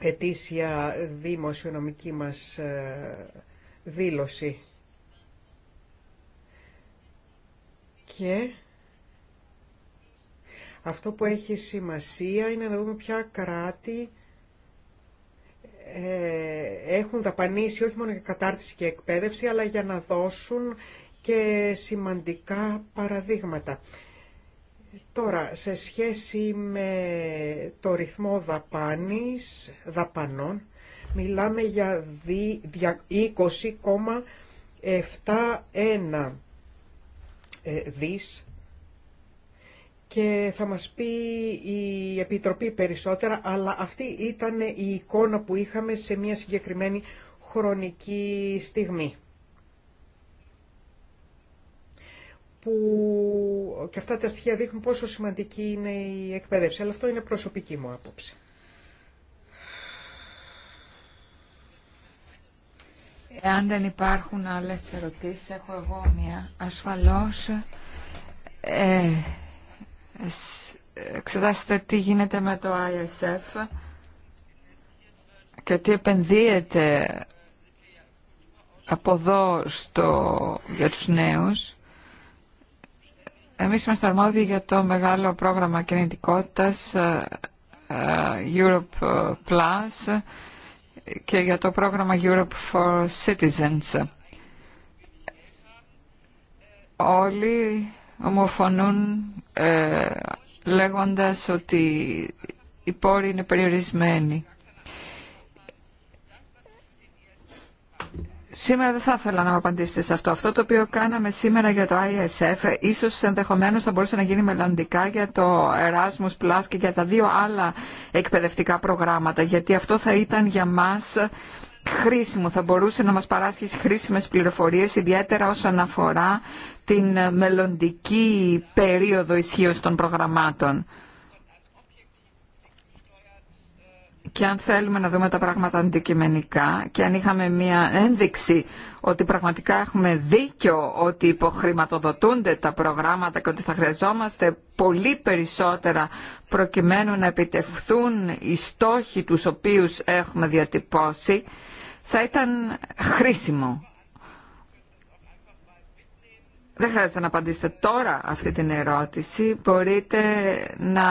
ετήσια δημοσιονομική μας ε, δήλωση. Και αυτό που έχει σημασία είναι να δούμε ποια κράτη ε, έχουν δαπανίσει όχι μόνο για κατάρτιση και εκπαίδευση, αλλά για να δώσουν και σημαντικά παραδείγματα. Τώρα, σε σχέση με το ρυθμό δαπάνης, δαπανών, μιλάμε για 20,71 ε, δις και θα μας πει η Επιτροπή περισσότερα, αλλά αυτή ήταν η εικόνα που είχαμε σε μια συγκεκριμένη χρονική στιγμή. που και αυτά τα στοιχεία δείχνουν πόσο σημαντική είναι η εκπαίδευση, αλλά αυτό είναι προσωπική μου άποψη. Εάν δεν υπάρχουν άλλες ερωτήσεις, έχω εγώ μία. Ασφαλώς, ε, εξετάσετε τι γίνεται με το ISF και τι επενδύεται από εδώ στο, για τους νέους. Εμείς είμαστε αρμόδιοι για το μεγάλο πρόγραμμα κινητικότητας ε, ε, Europe ε, Plus και για το πρόγραμμα Europe for Citizens. Όλοι ομοφωνούν λέγοντας ότι οι πόροι είναι περιορισμένοι. Σήμερα δεν θα ήθελα να μου απαντήσετε σε αυτό. Αυτό το οποίο κάναμε σήμερα για το ISF, ίσως ενδεχομένως θα μπορούσε να γίνει μελλοντικά για το Erasmus Plus και για τα δύο άλλα εκπαιδευτικά προγράμματα, γιατί αυτό θα ήταν για μας χρήσιμο, θα μπορούσε να μας παράσχει χρήσιμες πληροφορίες, ιδιαίτερα όσον αφορά την μελλοντική περίοδο ισχύω των προγραμμάτων. και αν θέλουμε να δούμε τα πράγματα αντικειμενικά και αν είχαμε μία ένδειξη ότι πραγματικά έχουμε δίκιο ότι υποχρηματοδοτούνται τα προγράμματα και ότι θα χρειαζόμαστε πολύ περισσότερα προκειμένου να επιτευχθούν οι στόχοι τους οποίους έχουμε διατυπώσει, θα ήταν χρήσιμο. Δεν χρειάζεται να απαντήσετε τώρα αυτή την ερώτηση. Μπορείτε να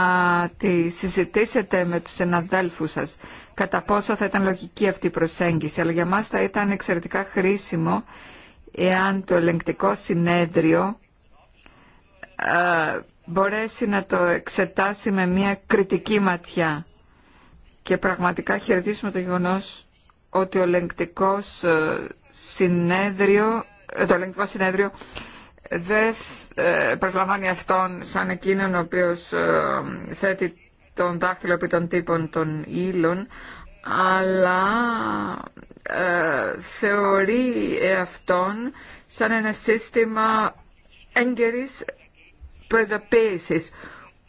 τη συζητήσετε με τους συναδέλφους σας κατά πόσο θα ήταν λογική αυτή η προσέγγιση. Αλλά για μας θα ήταν εξαιρετικά χρήσιμο εάν το ελεγκτικό συνέδριο ε, μπορέσει να το εξετάσει με μια κριτική ματιά. Και πραγματικά χαιρετήσουμε το γεγονός ότι ο ε, συνέδριο, ε, το ελεγκτικό συνέδριο δεν ε, προσλαμβάνει αυτόν σαν εκείνον ο οποίος ε, θέτει τον δάχτυλο επί των τύπων των ύλων, αλλά ε, θεωρεί αυτόν σαν ένα σύστημα έγκαιρης προειδοποίησης,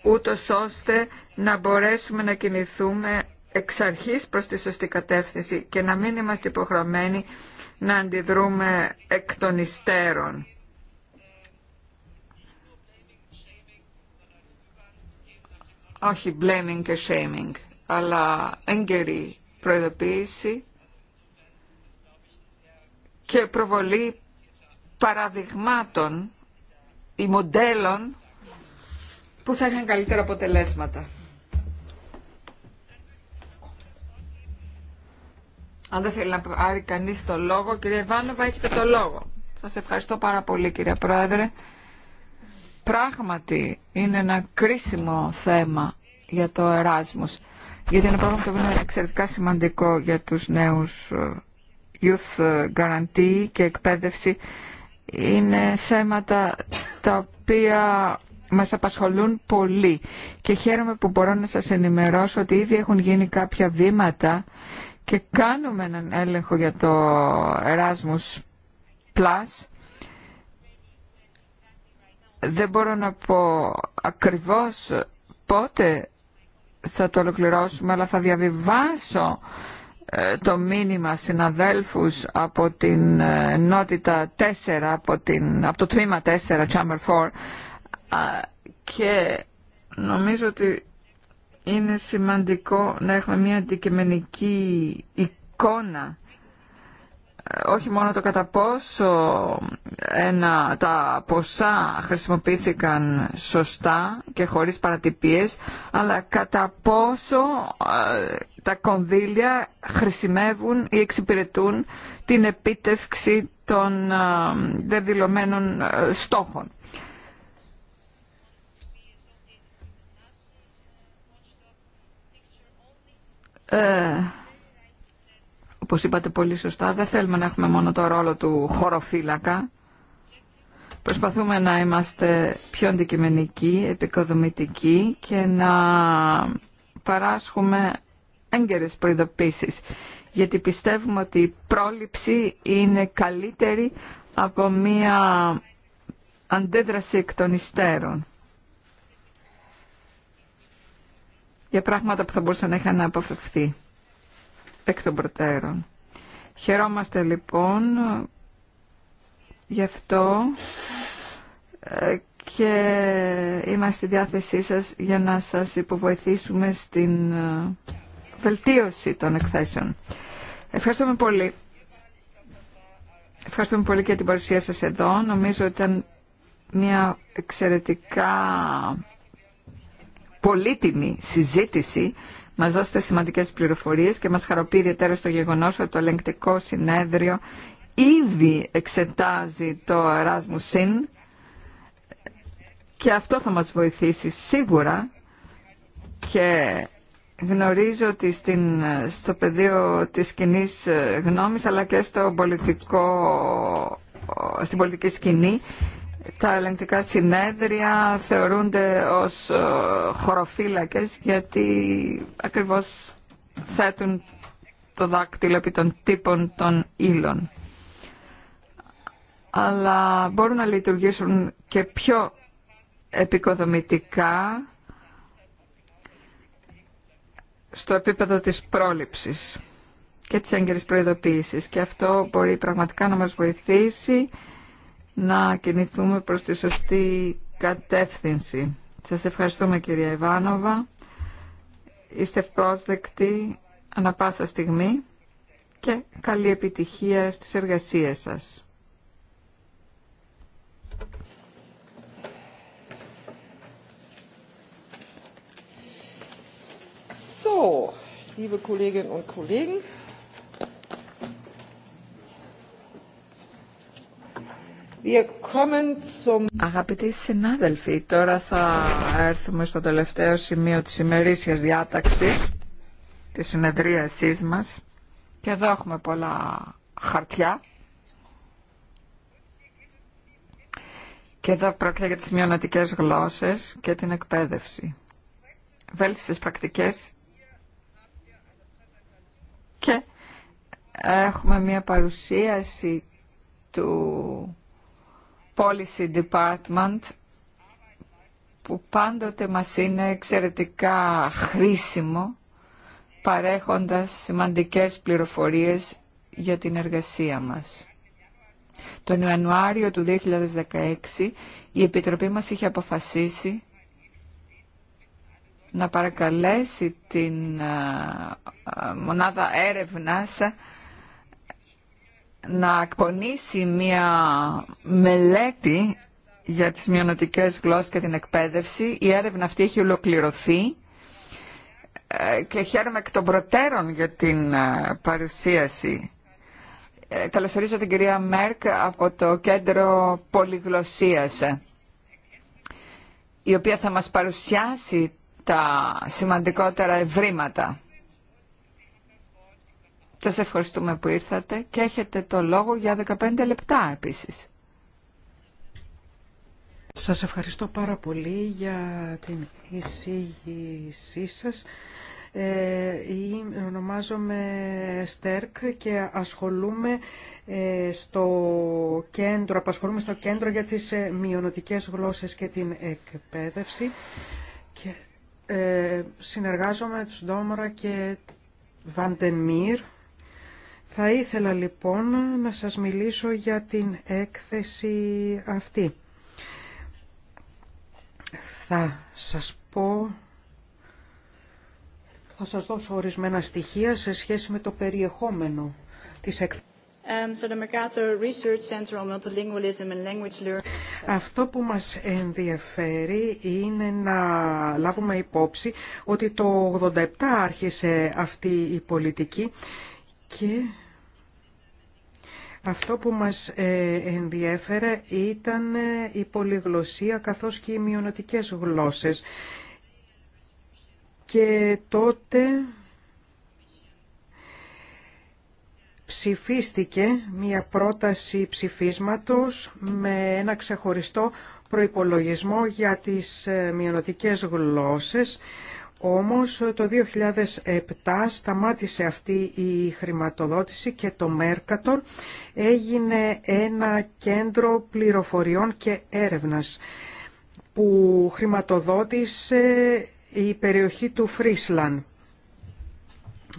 ούτως ώστε να μπορέσουμε να κινηθούμε εξ αρχής προς τη σωστή κατεύθυνση και να μην είμαστε υποχρεωμένοι να αντιδρούμε εκ των υστέρων. όχι blaming και shaming, αλλά έγκαιρη προειδοποίηση και προβολή παραδειγμάτων ή μοντέλων που θα είχαν καλύτερα αποτελέσματα. Αν δεν θέλει να πάρει κανείς το λόγο, κύριε Βάνοβα, έχετε το λόγο. Σας ευχαριστώ πάρα πολύ, κύριε Πρόεδρε πράγματι είναι ένα κρίσιμο θέμα για το Εράσμος γιατί είναι πράγμα που είναι εξαιρετικά σημαντικό για τους νέους ε, Youth Guarantee και εκπαίδευση είναι θέματα τα οποία μας απασχολούν πολύ και χαίρομαι που μπορώ να σας ενημερώσω ότι ήδη έχουν γίνει κάποια βήματα και κάνουμε έναν έλεγχο για το Erasmus Plus δεν μπορώ να πω ακριβώς πότε θα το ολοκληρώσουμε, αλλά θα διαβιβάσω ε, το μήνυμα συναδέλφους από την ενότητα 4, από, την, από το τμήμα 4, Chamber 4, και νομίζω ότι είναι σημαντικό να έχουμε μια αντικειμενική εικόνα όχι μόνο το κατά πόσο ένα, τα ποσά χρησιμοποιήθηκαν σωστά και χωρίς παρατυπίες, αλλά κατά πόσο ε, τα κονδύλια χρησιμεύουν ή εξυπηρετούν την επίτευξη των ε, δεδηλωμένων ε, στόχων. Ε, όπως είπατε πολύ σωστά, δεν θέλουμε να έχουμε μόνο το ρόλο του χωροφύλακα. Προσπαθούμε να είμαστε πιο αντικειμενικοί, επικοδομητικοί και να παράσχουμε έγκαιρες προειδοποίησεις. Γιατί πιστεύουμε ότι η πρόληψη είναι καλύτερη από μία αντέδραση εκ των υστέρων. Για πράγματα που θα μπορούσαν να είχαν αποφευθεί εκ των προτέρων. Χαιρόμαστε λοιπόν γι' αυτό ε, και είμαστε στη διάθεσή σας για να σας υποβοηθήσουμε στην ε, βελτίωση των εκθέσεων. Ευχαριστούμε πολύ. Ευχαριστούμε πολύ και την παρουσία σας εδώ. Νομίζω ότι ήταν μια εξαιρετικά πολύτιμη συζήτηση. Μας δώσετε σημαντικές πληροφορίες και μας χαροποιεί ιδιαίτερα στο γεγονός ότι το ελεγκτικό συνέδριο ήδη εξετάζει το Erasmus Συν και αυτό θα μας βοηθήσει σίγουρα και γνωρίζω ότι στην, στο πεδίο της κοινή γνώμης αλλά και στο πολιτικό, στην πολιτική σκηνή τα ελεγκτικά συνέδρια θεωρούνται ως ε, χωροφύλακες γιατί ακριβώς θέτουν το δάκτυλο επί των τύπων των ύλων. Αλλά μπορούν να λειτουργήσουν και πιο επικοδομητικά στο επίπεδο της πρόληψης και της έγκαιρης προειδοποίησης. Και αυτό μπορεί πραγματικά να μας βοηθήσει να κινηθούμε προς τη σωστή κατεύθυνση. Σας ευχαριστούμε κυρία Ιβάνοβα. Είστε πρόσδεκτοι ανα πάσα στιγμή και καλή επιτυχία στις εργασίες σας. So, liebe Kolleginnen und Kollegen, Αγαπητοί συνάδελφοι, τώρα θα έρθουμε στο τελευταίο σημείο της ημερήσιας διάταξης της συνεδρίασής μας και εδώ έχουμε πολλά χαρτιά και εδώ πρόκειται για τις μειονοτικές γλώσσες και την εκπαίδευση. Βέλτιστες πρακτικές και έχουμε μία παρουσίαση του Policy Department που πάντοτε μας είναι εξαιρετικά χρήσιμο παρέχοντας σημαντικές πληροφορίες για την εργασία μας. Τον Ιανουάριο του 2016 η Επιτροπή μας είχε αποφασίσει να παρακαλέσει την ε, ε, μονάδα έρευνας να εκπονήσει μια μελέτη για τις μειονοτικές γλώσσες και την εκπαίδευση. Η έρευνα αυτή έχει ολοκληρωθεί ε, και χαίρομαι εκ των προτέρων για την ε, παρουσίαση. Ε, καλωσορίζω την κυρία Μέρκ από το Κέντρο Πολυγλωσσίας, η οποία θα μας παρουσιάσει τα σημαντικότερα ευρήματα. Σας ευχαριστούμε που ήρθατε και έχετε το λόγο για 15 λεπτά επίσης. Σας ευχαριστώ πάρα πολύ για την εισήγησή σας. Ε, ονομάζομαι Στέρκ και ασχολούμαι ε, στο κέντρο, απασχολούμαι στο κέντρο για τις ε, μειονοτικές γλώσσες και την εκπαίδευση και ε, συνεργάζομαι με τους Ντόμορα και Βαντεμίρ θα ήθελα λοιπόν να σας μιλήσω για την έκθεση αυτή. Θα σας πω, θα σας δώσω ορισμένα στοιχεία σε σχέση με το περιεχόμενο της έκθεσης. Αυτό που μας ενδιαφέρει είναι να λάβουμε υπόψη ότι το 87 άρχισε αυτή η πολιτική και αυτό που μας ε, ενδιέφερε ήταν ε, η πολυγλωσία καθώς και οι μειονοτικές γλώσσες. Και τότε ψηφίστηκε μία πρόταση ψηφίσματος με ένα ξεχωριστό προϋπολογισμό για τις ε, μειονοτικές γλώσσες όμως το 2007 σταμάτησε αυτή η χρηματοδότηση και το Μέρκατον έγινε ένα κέντρο πληροφοριών και έρευνας που χρηματοδότησε η περιοχή του Φρίσλαν.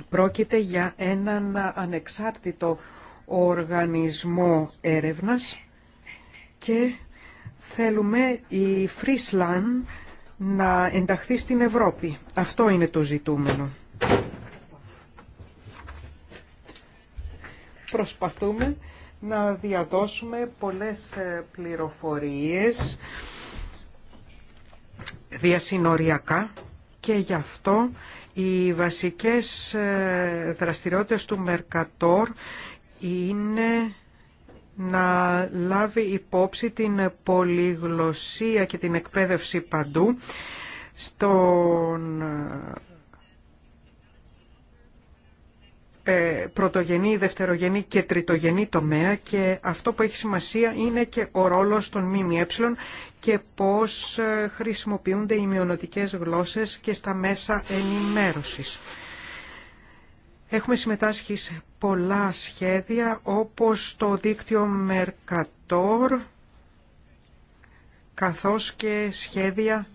Πρόκειται για έναν ανεξάρτητο οργανισμό έρευνας και θέλουμε η Φρίσλαν να ενταχθεί στην Ευρώπη. Αυτό είναι το ζητούμενο. Προσπαθούμε να διαδώσουμε πολλές ε, πληροφορίες διασυνοριακά και γι' αυτό οι βασικές ε, δραστηριότητες του Μερκατόρ είναι να λάβει υπόψη την πολυγλωσία και την εκπαίδευση παντού στον ε, πρωτογενή, δευτερογενή και τριτογενή τομέα και αυτό που έχει σημασία είναι και ο ρόλος των ΜΜΕ και πώς ε, χρησιμοποιούνται οι μειονοτικές γλώσσες και στα μέσα ενημέρωσης. Έχουμε συμμετάσχει σε πολλά σχέδια όπως το δίκτυο Mercator καθώς και σχέδια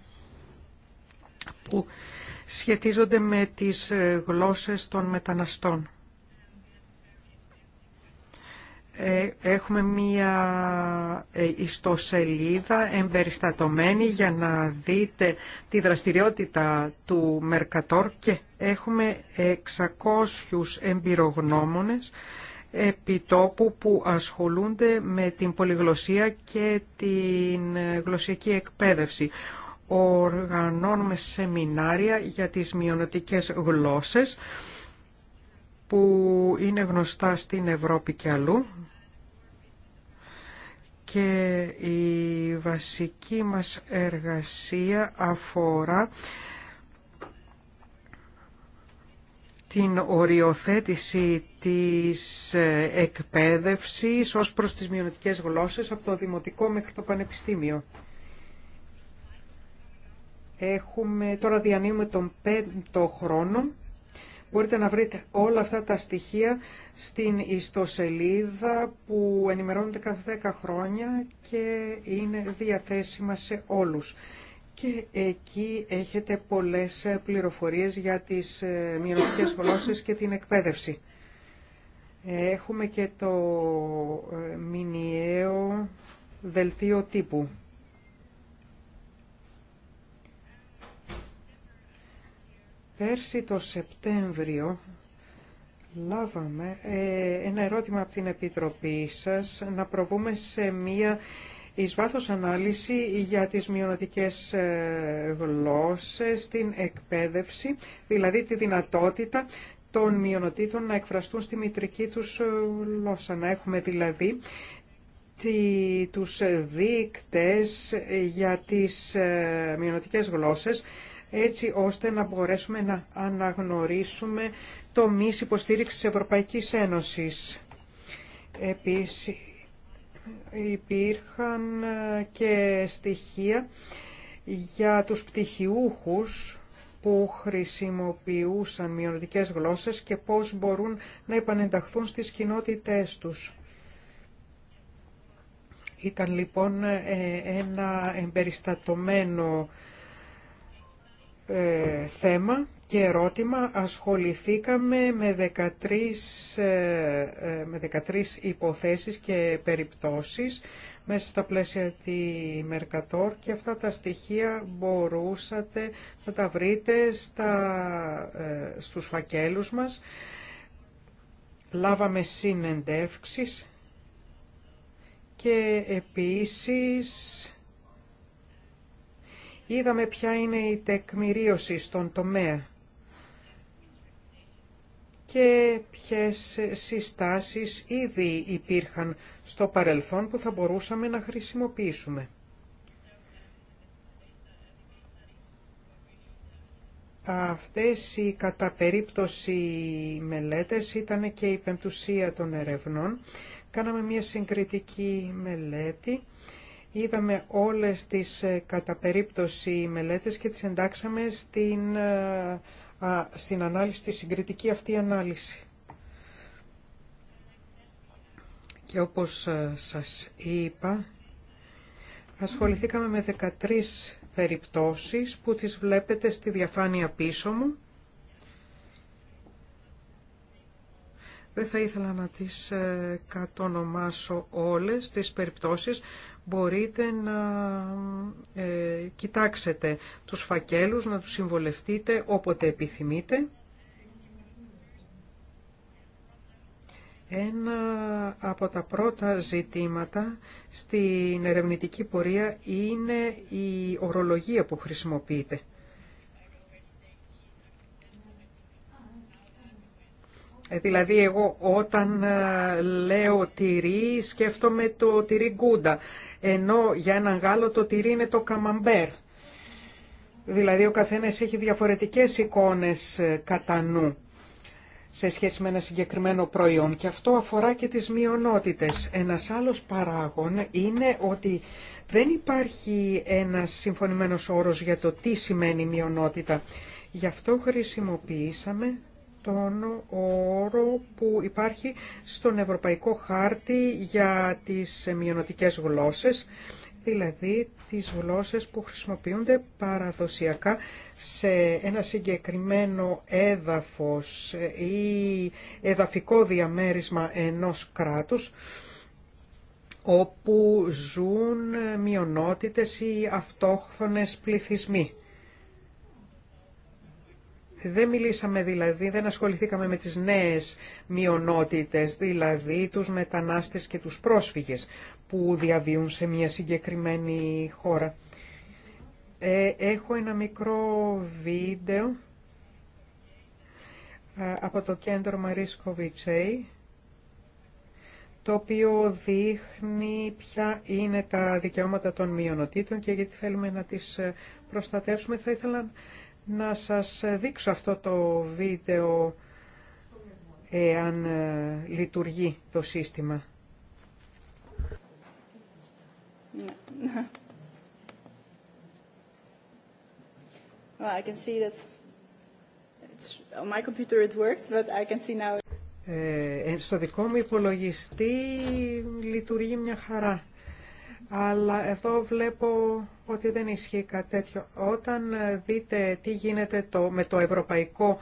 που σχετίζονται με τις γλώσσες των μεταναστών. Ε, έχουμε μία ε, ιστοσελίδα εμπεριστατωμένη για να δείτε τη δραστηριότητα του Μερκατόρ και έχουμε 600 εμπειρογνώμονες επιτόπου που ασχολούνται με την πολυγλωσία και την γλωσσική εκπαίδευση. Οργανώνουμε σεμινάρια για τις μειονοτικές γλώσσες που είναι γνωστά στην Ευρώπη και αλλού και η βασική μας εργασία αφορά την οριοθέτηση της εκπαίδευσης ως προς τις μειονοτικές γλώσσες από το Δημοτικό μέχρι το Πανεπιστήμιο. Έχουμε, τώρα διανύουμε τον πέμπτο χρόνο Μπορείτε να βρείτε όλα αυτά τα στοιχεία στην ιστοσελίδα που ενημερώνεται κάθε 10 χρόνια και είναι διαθέσιμα σε όλους. Και εκεί έχετε πολλές πληροφορίες για τις ε, μειονοτικές γλώσσες και την εκπαίδευση. Ε, έχουμε και το ε, μηνιαίο δελτίο τύπου Πέρσι το Σεπτέμβριο λάβαμε ε, ένα ερώτημα από την Επιτροπή σας να προβούμε σε μία εις βάθος ανάλυση για τις μειονοτικές ε, γλώσσες, την εκπαίδευση, δηλαδή τη δυνατότητα των μειονοτήτων να εκφραστούν στη μητρική τους ε, γλώσσα. Να έχουμε δηλαδή τους δείκτες για τις μειονοτικές γλώσσες έτσι ώστε να μπορέσουμε να αναγνωρίσουμε το μη υποστήριξη της Ευρωπαϊκής Ένωσης. Επίσης υπήρχαν ε, και στοιχεία για τους πτυχιούχους που χρησιμοποιούσαν μειονοτικές γλώσσες και πώς μπορούν να επανενταχθούν στις κοινότητές τους. Ήταν λοιπόν ε, ένα εμπεριστατωμένο ε, θέμα και ερώτημα ασχοληθήκαμε με 13, ε, ε, με 13 υποθέσεις και περιπτώσεις μέσα στα πλαίσια τη Μερκατόρ και αυτά τα στοιχεία μπορούσατε να τα βρείτε στα, στους φακέλους μας. Λάβαμε συνεντεύξεις και επίσης Είδαμε ποια είναι η τεκμηρίωση στον τομέα και ποιες συστάσεις ήδη υπήρχαν στο παρελθόν που θα μπορούσαμε να χρησιμοποιήσουμε. Αυτές οι κατά περίπτωση μελέτες ήταν και η πεντουσία των ερευνών. Κάναμε μια συγκριτική μελέτη Είδαμε όλες τις ε, κατά μελέτες και τις εντάξαμε στην, ε, στην ανάλυση, στη συγκριτική αυτή ανάλυση. Και όπως ε, σας είπα, ασχοληθήκαμε με 13 περιπτώσεις που τις βλέπετε στη διαφάνεια πίσω μου. Δεν θα ήθελα να τις κατονομάσω όλες τις περιπτώσεις μπορείτε να ε, κοιτάξετε τους φακέλους, να τους συμβολευτείτε όποτε επιθυμείτε. Ένα από τα πρώτα ζητήματα στην ερευνητική πορεία είναι η ορολογία που χρησιμοποιείται. Ε, δηλαδή εγώ όταν ε, λέω τυρί σκέφτομαι το τυρί γκούντα, ενώ για έναν Γάλλο το τυρί είναι το καμαμπέρ. Δηλαδή ο καθένας έχει διαφορετικές εικόνες ε, κατά νου σε σχέση με ένα συγκεκριμένο προϊόν και αυτό αφορά και τις μειονότητες. Ένας άλλος παράγων είναι ότι δεν υπάρχει ένας συμφωνημένος όρος για το τι σημαίνει μειονότητα. Γι' αυτό χρησιμοποιήσαμε τον όρο που υπάρχει στον Ευρωπαϊκό Χάρτη για τις μειονοτικές γλώσσες, δηλαδή τις γλώσσες που χρησιμοποιούνται παραδοσιακά σε ένα συγκεκριμένο έδαφος ή εδαφικό διαμέρισμα ενός κράτους, όπου ζουν μειονότητες ή αυτόχθονες πληθυσμοί. Δεν μιλήσαμε δηλαδή, δεν ασχοληθήκαμε με τις νέες μειονότητες, δηλαδή τους μετανάστες και τους πρόσφυγες που διαβίουν σε μια συγκεκριμένη χώρα. Ε, έχω ένα μικρό βίντεο ε, από το κέντρο Μαρίσκο το οποίο δείχνει ποια είναι τα δικαιώματα των μειονοτήτων και γιατί θέλουμε να τις ε, προστατεύσουμε. Θα ήθελα να σας δείξω αυτό το βίντεο εάν ε, λειτουργεί το σύστημα. Στο δικό μου υπολογιστή λειτουργεί μια χαρά αλλά εδώ βλέπω ότι δεν ισχύει κάτι τέτοιο. Όταν δείτε τι γίνεται το, με το Ευρωπαϊκό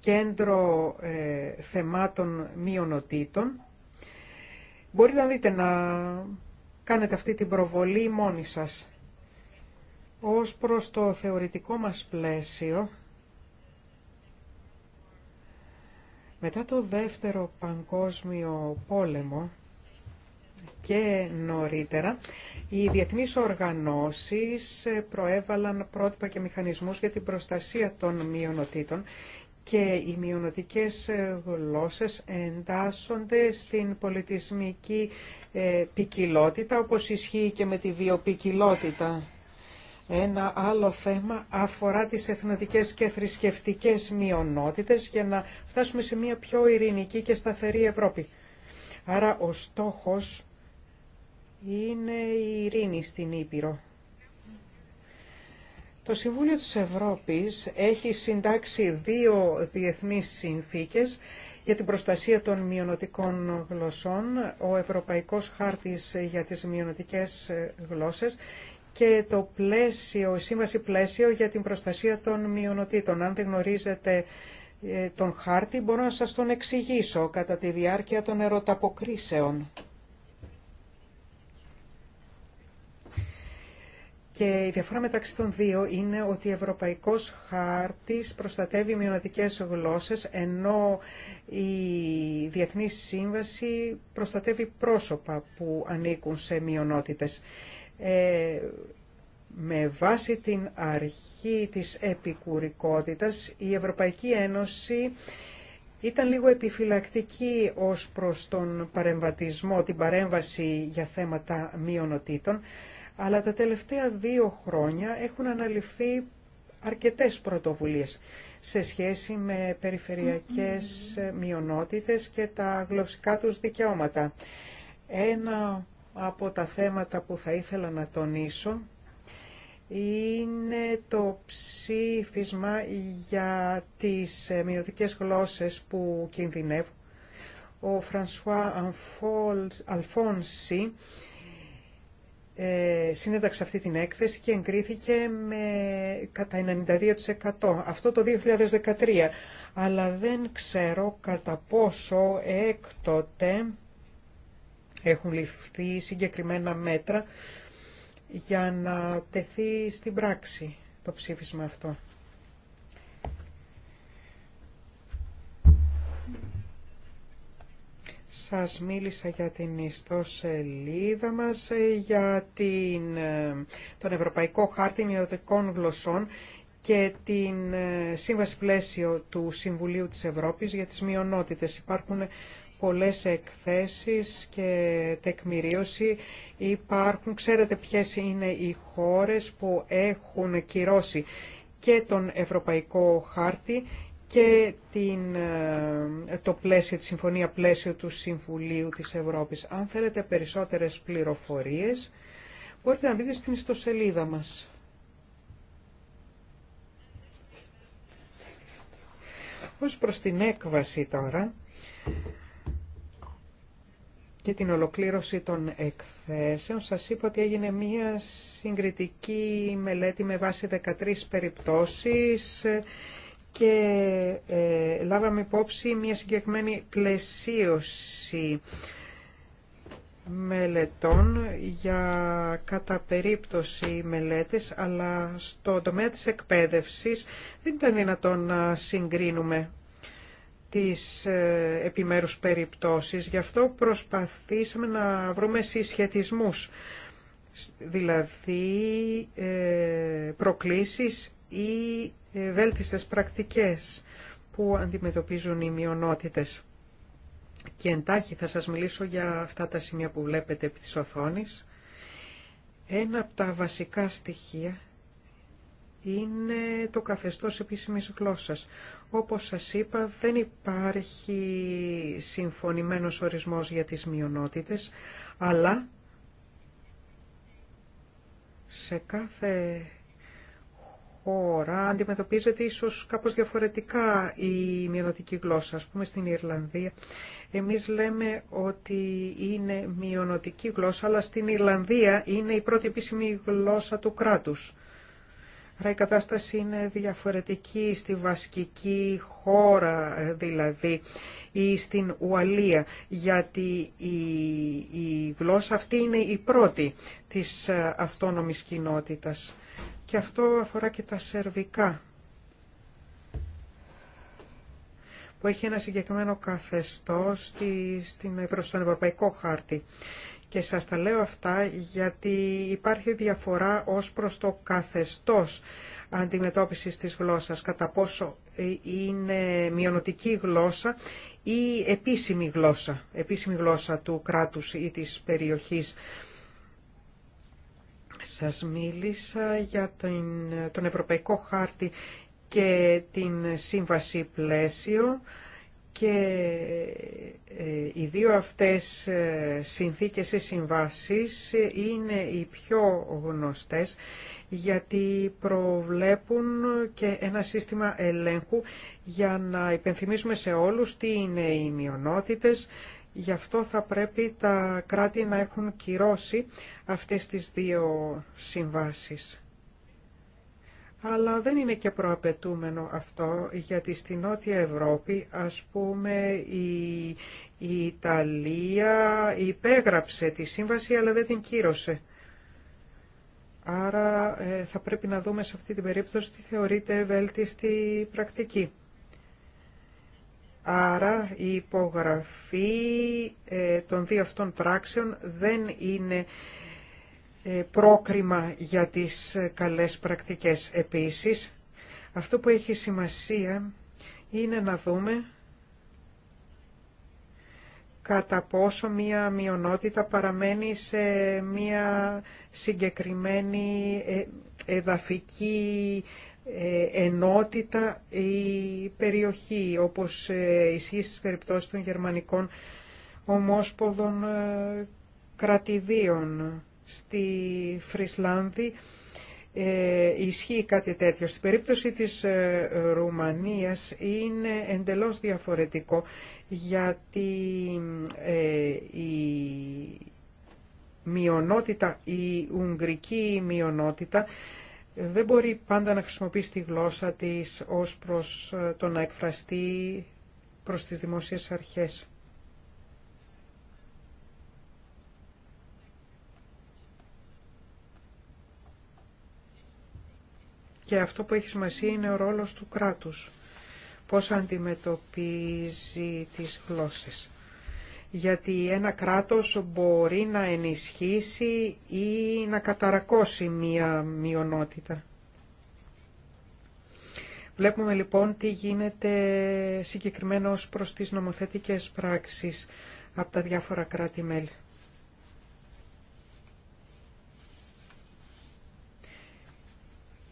Κέντρο ε, Θεμάτων Μειονοτήτων, μπορείτε να δείτε να κάνετε αυτή την προβολή μόνοι σας. Ως προς το θεωρητικό μας πλαίσιο, μετά το δεύτερο παγκόσμιο πόλεμο, και νωρίτερα, οι διεθνείς οργανώσεις προέβαλαν πρότυπα και μηχανισμούς για την προστασία των μειονοτήτων και οι μειονοτικές γλώσσες εντάσσονται στην πολιτισμική ε, ποικιλότητα, όπως ισχύει και με τη βιοπικιλότητα. Ένα άλλο θέμα αφορά τις εθνοτικές και θρησκευτικές μειονότητες για να φτάσουμε σε μια πιο ειρηνική και σταθερή Ευρώπη. Άρα ο στόχος είναι η ειρήνη στην Ήπειρο. Το Συμβούλιο της Ευρώπης έχει συντάξει δύο διεθνείς συνθήκες για την προστασία των μειονοτικών γλωσσών, ο Ευρωπαϊκός Χάρτης για τις μειονοτικές γλώσσες και το πλαίσιο, η σύμβαση πλαίσιο για την προστασία των μειονοτήτων. Αν δεν γνωρίζετε ε, τον χάρτη μπορώ να σας τον εξηγήσω κατά τη διάρκεια των ερωταποκρίσεων. Και η διαφορά μεταξύ των δύο είναι ότι ο Ευρωπαϊκός Χάρτης προστατεύει μειονοτικές γλώσσες, ενώ η Διεθνή Σύμβαση προστατεύει πρόσωπα που ανήκουν σε μειονότητες. Ε, με βάση την αρχή της επικουρικότητας, η Ευρωπαϊκή Ένωση ήταν λίγο επιφυλακτική ως προς τον παρεμβατισμό, την παρέμβαση για θέματα μειονοτήτων, αλλά τα τελευταία δύο χρόνια έχουν αναλυφθεί αρκετές πρωτοβουλίες σε σχέση με περιφερειακές μειονότητες και τα γλωσσικά τους δικαιώματα. Ένα από τα θέματα που θα ήθελα να τονίσω είναι το ψήφισμα για τις μειωτικές γλώσσες που κινδυνεύουν. Ο Φρανσουά Αλφόνση ε, συνέταξε αυτή την έκθεση και εγκρίθηκε με κατά 92% αυτό το 2013. Αλλά δεν ξέρω κατά πόσο έκτοτε έχουν ληφθεί συγκεκριμένα μέτρα για να τεθεί στην πράξη το ψήφισμα αυτό. Σας μίλησα για την ιστοσελίδα μας, ε, για την, ε, τον Ευρωπαϊκό Χάρτη Μειωτικών Γλωσσών και την ε, Σύμβαση Πλαίσιο του Συμβουλίου της Ευρώπης για τις μειονότητες. Υπάρχουν πολλές εκθέσεις και τεκμηρίωση. Υπάρχουν, ξέρετε ποιες είναι οι χώρες που έχουν κυρώσει και τον Ευρωπαϊκό Χάρτη και την, ε, το πλαίσιο, τη συμφωνία πλαίσιο του Συμβουλίου της Ευρώπης. Αν θέλετε περισσότερες πληροφορίες, μπορείτε να μπείτε στην ιστοσελίδα μας. Ως προς την έκβαση τώρα και την ολοκλήρωση των εκθέσεων, σας είπα ότι έγινε μία συγκριτική μελέτη με βάση 13 περιπτώσεις και ε, λάβαμε υπόψη μια συγκεκριμένη πλαισίωση μελετών για κατά περίπτωση μελέτες, αλλά στο τομέα της εκπαίδευσης δεν ήταν δυνατόν να συγκρίνουμε τις ε, επιμέρους περιπτώσεις. Γι' αυτό προσπαθήσαμε να βρούμε συσχετισμούς, δηλαδή ε, προκλήσεις ή ε, βέλτιστες πρακτικές που αντιμετωπίζουν οι μειονότητες. Και εντάχει θα σας μιλήσω για αυτά τα σημεία που βλέπετε επί της οθόνης. Ένα από τα βασικά στοιχεία είναι το καθεστώς επίσημης γλώσσας. Όπως σας είπα, δεν υπάρχει συμφωνημένος ορισμός για τις μειονότητες, αλλά σε κάθε χώρα αντιμετωπίζεται ίσως κάπως διαφορετικά η μειονοτική γλώσσα. Ας πούμε στην Ιρλανδία εμείς λέμε ότι είναι μειονοτική γλώσσα, αλλά στην Ιρλανδία είναι η πρώτη επίσημη γλώσσα του κράτους. Άρα η κατάσταση είναι διαφορετική στη βασική χώρα δηλαδή ή στην Ουαλία, γιατί η, η γλώσσα αυτή είναι η πρώτη της ε, αυτόνομης κοινότητας. Και αυτό αφορά και τα σερβικά, που έχει ένα συγκεκριμένο καθεστώς στη, στην, στον Ευρωπαϊκό Χάρτη. Και σας τα λέω αυτά γιατί υπάρχει διαφορά ως προς το καθεστώς αντιμετώπισης της γλώσσας, κατά πόσο είναι μειονοτική γλώσσα ή επίσημη γλώσσα, επίσημη γλώσσα του κράτους ή της περιοχής. Σας μίλησα για τον Ευρωπαϊκό Χάρτη και την Σύμβαση Πλαίσιο και ε, οι δύο αυτές ε, συνθήκες ή συμβάσεις είναι οι πιο γνωστές γιατί προβλέπουν και ένα σύστημα ελέγχου για να υπενθυμίσουμε σε όλους τι είναι οι μειονότητες, Γι' αυτό θα πρέπει τα κράτη να έχουν κυρώσει αυτές τις δύο συμβάσεις. Αλλά δεν είναι και προαπαιτούμενο αυτό, γιατί στη Νότια Ευρώπη, ας πούμε, η, η Ιταλία υπέγραψε τη σύμβαση, αλλά δεν την κύρωσε. Άρα ε, θα πρέπει να δούμε σε αυτή την περίπτωση τι θεωρείται ευέλτιστη πρακτική. Άρα η υπογραφή ε, των δύο αυτών πράξεων δεν είναι ε, πρόκριμα για τις ε, καλές πρακτικές. Επίσης, αυτό που έχει σημασία είναι να δούμε κατά πόσο μία μειονότητα παραμένει σε μία συγκεκριμένη εδαφική ε, ενότητα η περιοχή, όπως ε, ισχύει στις περιπτώσεις των γερμανικών ομόσποδων ε, κρατηδίων στη Φρισλάνδη. Ε, ισχύει κάτι τέτοιο. Στην περίπτωση της Ρουμανίας είναι εντελώς διαφορετικό γιατί η μειονότητα, η ουγγρική μειονότητα δεν μπορεί πάντα να χρησιμοποιήσει τη γλώσσα της ως προς ε, το να εκφραστεί προς τις δημόσιες αρχές. Και αυτό που έχει σημασία είναι ο ρόλος του κράτους. Πώς αντιμετωπίζει τις γλώσσες γιατί ένα κράτος μπορεί να ενισχύσει ή να καταρακώσει μία μειονότητα. Βλέπουμε λοιπόν τι γίνεται συγκεκριμένο προς τις νομοθετικές πράξεις από τα διάφορα κράτη-μέλη.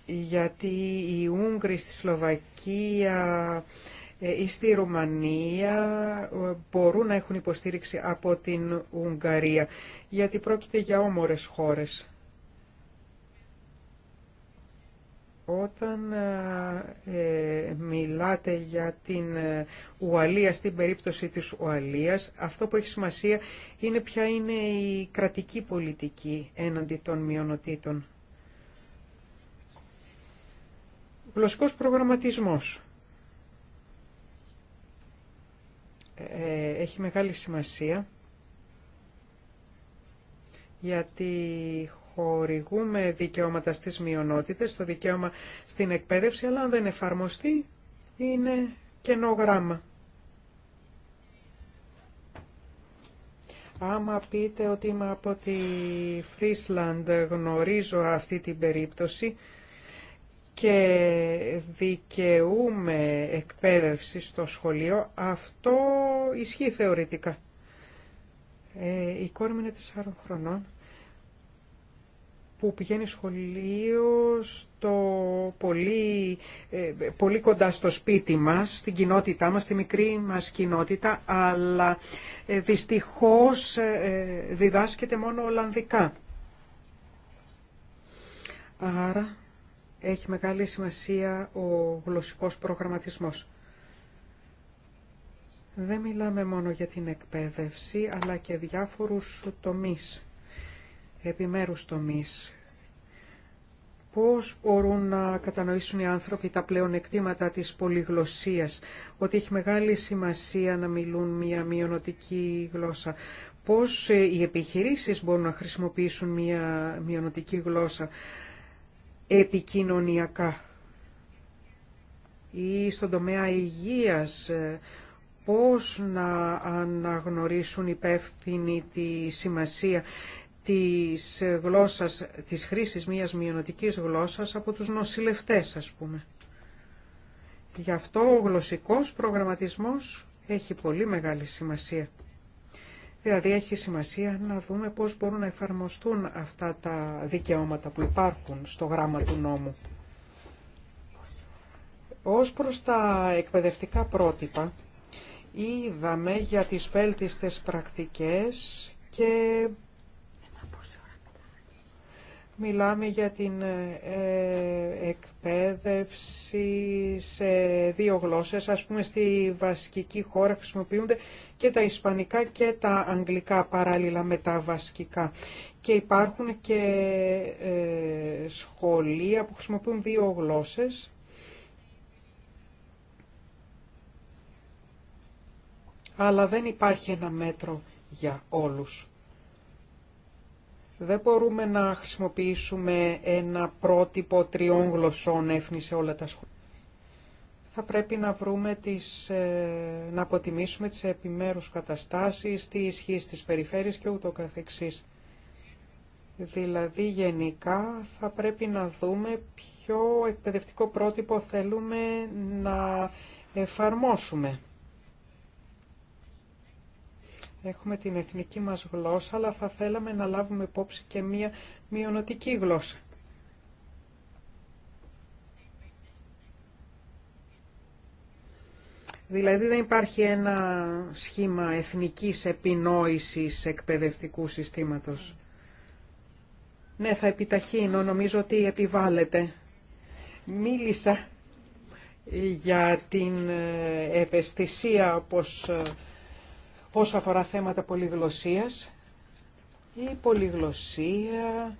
Γιατί οι Ούγγροι στη Σλοβακία ε, στη Ρουμανία ε, μπορούν να έχουν υποστήριξη από την Ουγγαρία, γιατί πρόκειται για όμορες χώρες. Όταν ε, μιλάτε για την Ουαλία, στην περίπτωση της Ουαλίας, αυτό που έχει σημασία είναι ποια είναι η κρατική πολιτική έναντι των μειονοτήτων. Γλωσσικός προγραμματισμός. Ε, έχει μεγάλη σημασία γιατί χορηγούμε δικαιώματα στις μειονότητες, το δικαίωμα στην εκπαίδευση, αλλά αν δεν εφαρμοστεί είναι κενό γράμμα. Άμα πείτε ότι είμαι από τη Φρίσλανδ, γνωρίζω αυτή την περίπτωση, και δικαιούμε εκπαίδευση στο σχολείο, αυτό ισχύει θεωρητικά. Ε, η κόρη μου είναι 4 χρονών που πηγαίνει σχολείο στο πολύ, ε, πολύ κοντά στο σπίτι μας, στην κοινότητά μας, στη μικρή μας κοινότητα, αλλά ε, δυστυχώς ε, διδάσκεται μόνο Ολλανδικά. Άρα έχει μεγάλη σημασία ο γλωσσικός προγραμματισμός. Δεν μιλάμε μόνο για την εκπαίδευση, αλλά και διάφορους τομείς, επιμέρους τομείς. Πώς μπορούν να κατανοήσουν οι άνθρωποι τα πλεονεκτήματα της πολυγλωσσίας, ότι έχει μεγάλη σημασία να μιλούν μια μειονοτική γλώσσα. Πώς ε, οι επιχειρήσεις μπορούν να χρησιμοποιήσουν μια μειονοτική γλώσσα επικοινωνιακά ή στον τομέα υγείας, πώς να αναγνωρίσουν υπεύθυνοι τη σημασία της γλώσσας, της χρήσης μιας μειονοτικής γλώσσας από τους νοσηλευτές, ας πούμε. Γι' αυτό ο γλωσσικός προγραμματισμός έχει πολύ μεγάλη σημασία. Δηλαδή έχει σημασία να δούμε πώς μπορούν να εφαρμοστούν αυτά τα δικαιώματα που υπάρχουν στο γράμμα του νόμου. Ως προς τα εκπαιδευτικά πρότυπα, είδαμε για τις βέλτιστες πρακτικές και Μιλάμε για την ε, ε, εκπαίδευση σε δύο γλώσσες. Ας πούμε στη βασκική χώρα χρησιμοποιούνται και τα ισπανικά και τα αγγλικά παράλληλα με τα βασκικά. Και υπάρχουν και ε, σχολεία που χρησιμοποιούν δύο γλώσσες. Αλλά δεν υπάρχει ένα μέτρο για όλους. Δεν μπορούμε να χρησιμοποιήσουμε ένα πρότυπο τριών γλωσσών έφνη σε όλα τα σχολεία. Θα πρέπει να βρούμε τις, ε, να αποτιμήσουμε τις επιμέρους καταστάσεις, τι ισχύει στις περιφέρειες και ούτω καθεξής. Δηλαδή γενικά θα πρέπει να δούμε ποιο εκπαιδευτικό πρότυπο θέλουμε να εφαρμόσουμε. Έχουμε την εθνική μας γλώσσα, αλλά θα θέλαμε να λάβουμε υπόψη και μία μειονοτική γλώσσα. Δηλαδή δεν υπάρχει ένα σχήμα εθνικής επινόησης εκπαιδευτικού συστήματος. Ναι, θα επιταχύνω, νομίζω ότι επιβάλλεται. Μίλησα για την ευαισθησία όπως ε, όσο αφορά θέματα πολυγλωσσίας. Η πολυγλωσία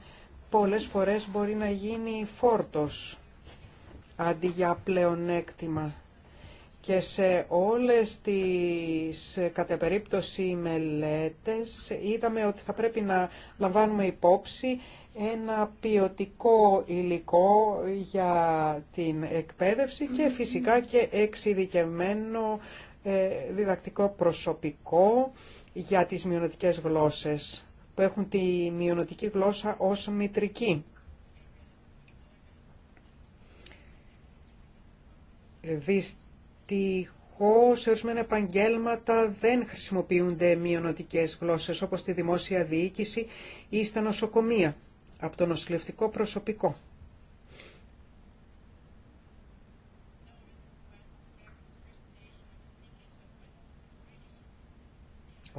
πολλές φορές μπορεί να γίνει φόρτος αντί για πλεονέκτημα. Και σε όλες τις κατά περίπτωση μελέτες είδαμε ότι θα πρέπει να λαμβάνουμε υπόψη ένα ποιοτικό υλικό για την εκπαίδευση και φυσικά και εξειδικευμένο ε, διδακτικό προσωπικό για τις μειονοτικές γλώσσες που έχουν τη μειονοτική γλώσσα ως μητρική. Δυστυχώς, σε ορισμένα επαγγέλματα δεν χρησιμοποιούνται μειονοτικές γλώσσες όπως τη δημόσια διοίκηση ή στα νοσοκομεία από το νοσηλευτικό προσωπικό.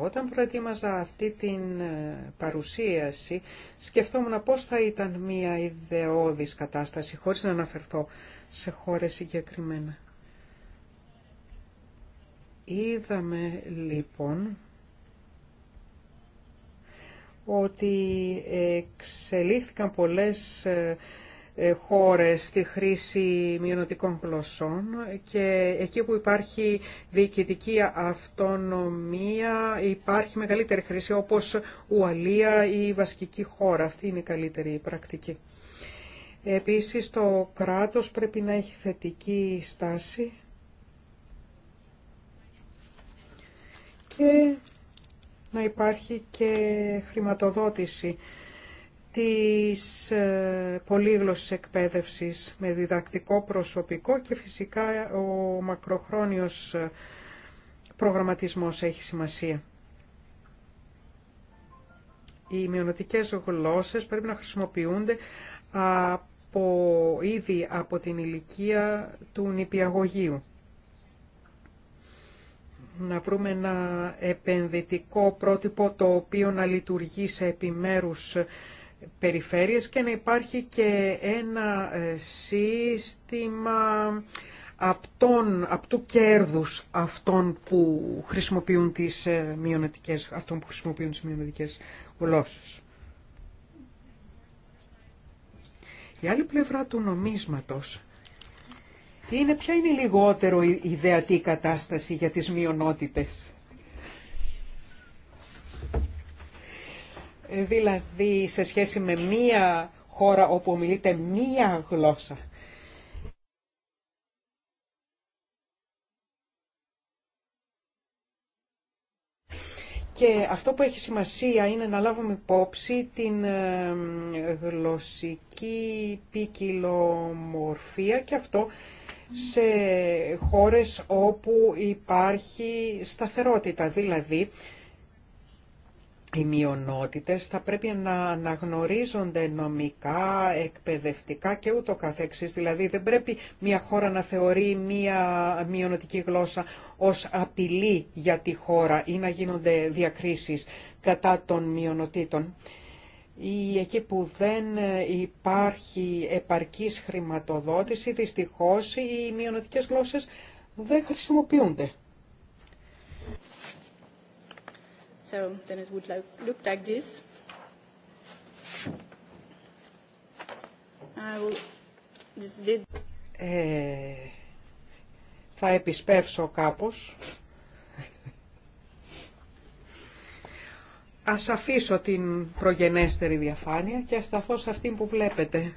Όταν προετοίμαζα αυτή την ε, παρουσίαση, σκεφτόμουν πώς θα ήταν μια ιδεώδης κατάσταση, χωρίς να αναφερθώ σε χώρες συγκεκριμένα. Είδαμε λοιπόν ότι εξελίχθηκαν πολλές ε, ε, χώρες στη χρήση μειονοτικών γλωσσών και εκεί που υπάρχει διοικητική αυτονομία υπάρχει μεγαλύτερη χρήση όπως Ουαλία ή η Βασκική χώρα. Αυτή είναι η καλύτερη πρακτική. Επίσης το κράτος πρέπει να έχει θετική στάση και να υπάρχει και χρηματοδότηση της ε, πολύγλωσσης εκπαίδευσης με διδακτικό προσωπικό και φυσικά ο μακροχρόνιος ε, προγραμματισμός έχει σημασία. Οι μειονοτικές γλώσσες πρέπει να χρησιμοποιούνται από, ήδη από την ηλικία του νηπιαγωγείου. Να βρούμε ένα επενδυτικό πρότυπο το οποίο να λειτουργεί σε επιμέρους περιφέρειες και να υπάρχει και ένα ε, σύστημα απτών, του κέρδους αυτών που χρησιμοποιούν τις ε, μειονετικές αυτών που χρησιμοποιούν τις μειονετικές γλώσσες. Η άλλη πλευρά του νομίσματος είναι ποια είναι λιγότερο ιδεατή κατάσταση για τις μειονότητες. δηλαδή σε σχέση με μία χώρα όπου μιλείτε μία γλώσσα. Και αυτό που έχει σημασία είναι να λάβουμε υπόψη την γλωσσική ποικιλομορφία και αυτό σε χώρες όπου υπάρχει σταθερότητα, δηλαδή οι μειονότητες θα πρέπει να αναγνωρίζονται νομικά, εκπαιδευτικά και ούτω καθεξής. Δηλαδή δεν πρέπει μια χώρα να θεωρεί μια μειονοτική γλώσσα ως απειλή για τη χώρα ή να γίνονται διακρίσεις κατά των μειονοτήτων. Ή εκεί που δεν υπάρχει επαρκής χρηματοδότηση, δυστυχώς οι μειονοτικές γλώσσες δεν χρησιμοποιούνται. So then eh, θα επισπεύσω κάπως. Ας αφήσω την προγενέστερη διαφάνεια και ας σε αυτήν που βλέπετε.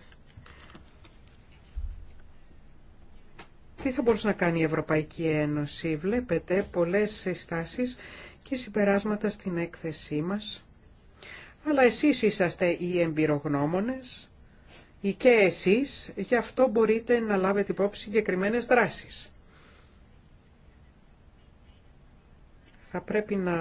Τι θα μπορούσε να κάνει η Ευρωπαϊκή Ένωση. Βλέπετε πολλές συστάσεις και συμπεράσματα στην έκθεσή μας. Αλλά εσείς είσαστε οι εμπειρογνώμονες ή και εσείς, γι' αυτό μπορείτε να λάβετε υπόψη συγκεκριμένε δράσεις. Θα πρέπει να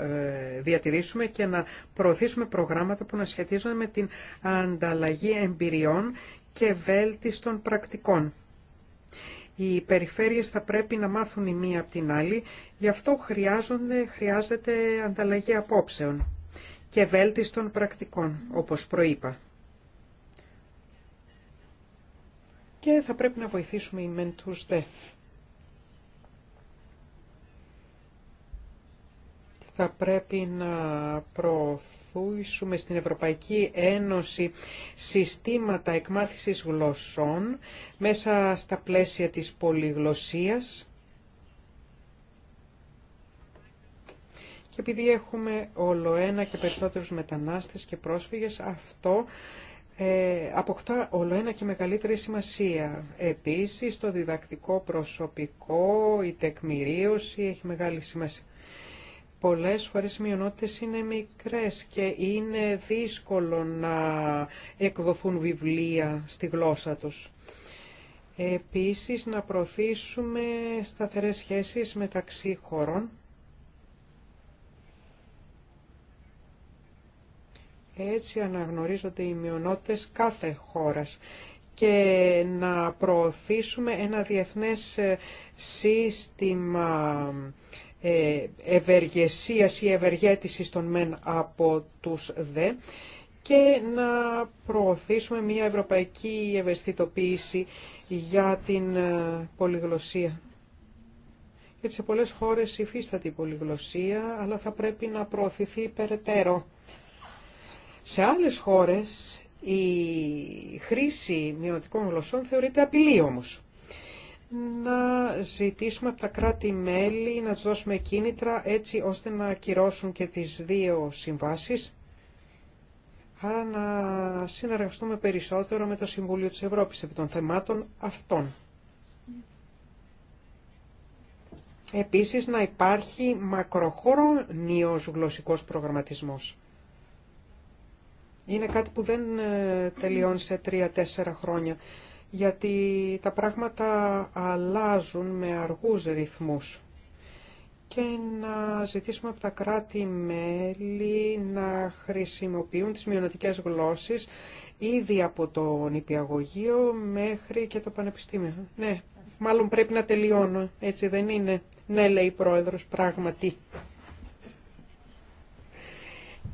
ε, διατηρήσουμε και να προωθήσουμε προγράμματα που να σχετίζονται με την ανταλλαγή εμπειριών και βέλτιστων πρακτικών. Οι περιφέρειες θα πρέπει να μάθουν η μία από την άλλη, γι' αυτό χρειάζονται, χρειάζεται ανταλλαγή απόψεων και βέλτιστων πρακτικών, όπως προείπα. Και θα πρέπει να βοηθήσουμε οι μεν τους δε. Θα πρέπει να προωθήσουμε βοηθούσουμε στην Ευρωπαϊκή Ένωση συστήματα εκμάθησης γλωσσών μέσα στα πλαίσια της πολυγλωσσίας. Και επειδή έχουμε όλο ένα και περισσότερους μετανάστες και πρόσφυγες, αυτό ε, αποκτά όλο ένα και μεγαλύτερη σημασία. Επίσης, το διδακτικό προσωπικό, η τεκμηρίωση έχει μεγάλη σημασία. Πολλές φορές οι μειονότητες είναι μικρές και είναι δύσκολο να εκδοθούν βιβλία στη γλώσσα τους. Επίσης, να προωθήσουμε σταθερές σχέσεις μεταξύ χωρών. Έτσι αναγνωρίζονται οι μειονότητες κάθε χώρας και να προωθήσουμε ένα διεθνές σύστημα ε, ευεργεσίας ή ευεργέτησης των μεν από τους δε και να προωθήσουμε μια ευρωπαϊκή ευαισθητοποίηση για την ε, πολυγλωσία. Γιατί σε πολλές χώρες υφίσταται η πολυγλωσία, αλλά θα πρέπει να προωθηθεί περαιτέρω. Σε άλλες χώρες η χρήση μειωτικών γλωσσών θεωρείται απειλή όμως να ζητήσουμε από τα κράτη-μέλη να τους δώσουμε κίνητρα έτσι ώστε να ακυρώσουν και τις δύο συμβάσεις, άρα να συνεργαστούμε περισσότερο με το Συμβούλιο της Ευρώπης επί των θεμάτων αυτών. Επίσης να υπάρχει μακροχρόνιος γλωσσικός προγραμματισμός. Είναι κάτι που δεν ε, τελειώνει σε τρία-τέσσερα χρόνια γιατί τα πράγματα αλλάζουν με αργούς ρυθμούς και να ζητήσουμε από τα κράτη-μέλη να χρησιμοποιούν τις μειονοτικές γλώσσες ήδη από το νηπιαγωγείο μέχρι και το πανεπιστήμιο. Ναι, μάλλον πρέπει να τελειώνω, έτσι δεν είναι. Ναι, λέει η Πρόεδρος, πράγματι.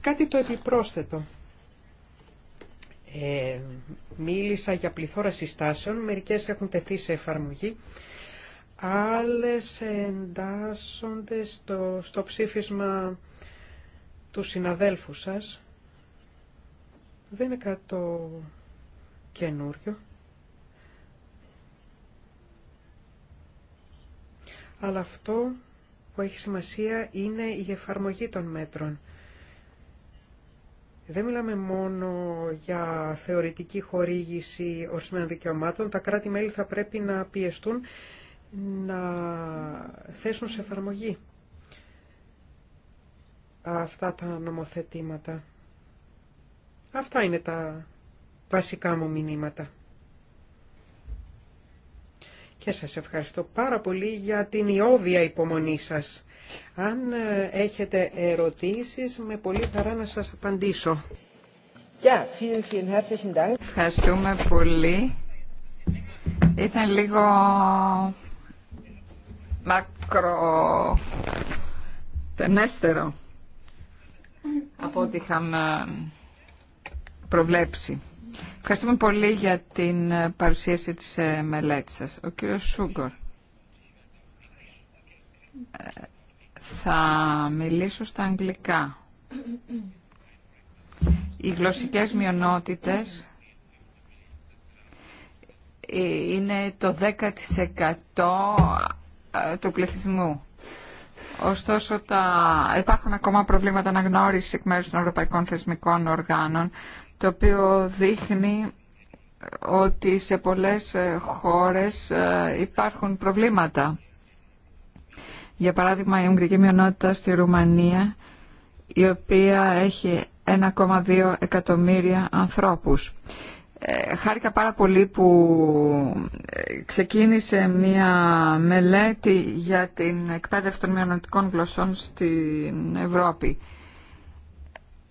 Κάτι το επιπρόσθετο. Ε, μίλησα για πληθώρα συστάσεων, μερικές έχουν τεθεί σε εφαρμογή, άλλες εντάσσονται στο, στο ψήφισμα του συναδέλφου σας. Δεν είναι κάτι το καινούριο. Αλλά αυτό που έχει σημασία είναι η εφαρμογή των μέτρων. Δεν μιλάμε μόνο για θεωρητική χορήγηση ορισμένων δικαιωμάτων. Τα κράτη-μέλη θα πρέπει να πιεστούν να θέσουν σε εφαρμογή αυτά τα νομοθετήματα. Αυτά είναι τα βασικά μου μηνύματα. Και σας ευχαριστώ πάρα πολύ για την ιόβια υπομονή σας. Αν ε, έχετε ερωτήσεις, με πολύ χαρά να σας απαντήσω. Ευχαριστούμε πολύ. Ήταν λίγο μακροτενέστερο από ό,τι είχαμε προβλέψει. Ευχαριστούμε πολύ για την ε, παρουσίαση της ε, μελέτης σας. Ο κύριος Σούγκορ. Ε, θα μιλήσω στα αγγλικά. Οι γλωσσικές μειονότητες είναι το 10% του πληθυσμού. Ωστόσο, τα... υπάρχουν ακόμα προβλήματα αναγνώριση εκ μέρου των ευρωπαϊκών θεσμικών οργάνων το οποίο δείχνει ότι σε πολλές ε, χώρες ε, υπάρχουν προβλήματα. Για παράδειγμα η Ουγγρική μειονότητα στη Ρουμανία η οποία έχει 1,2 εκατομμύρια ανθρώπους. Ε, χάρηκα πάρα πολύ που ξεκίνησε μία μελέτη για την εκπαίδευση των μειονοτικών γλωσσών στην Ευρώπη.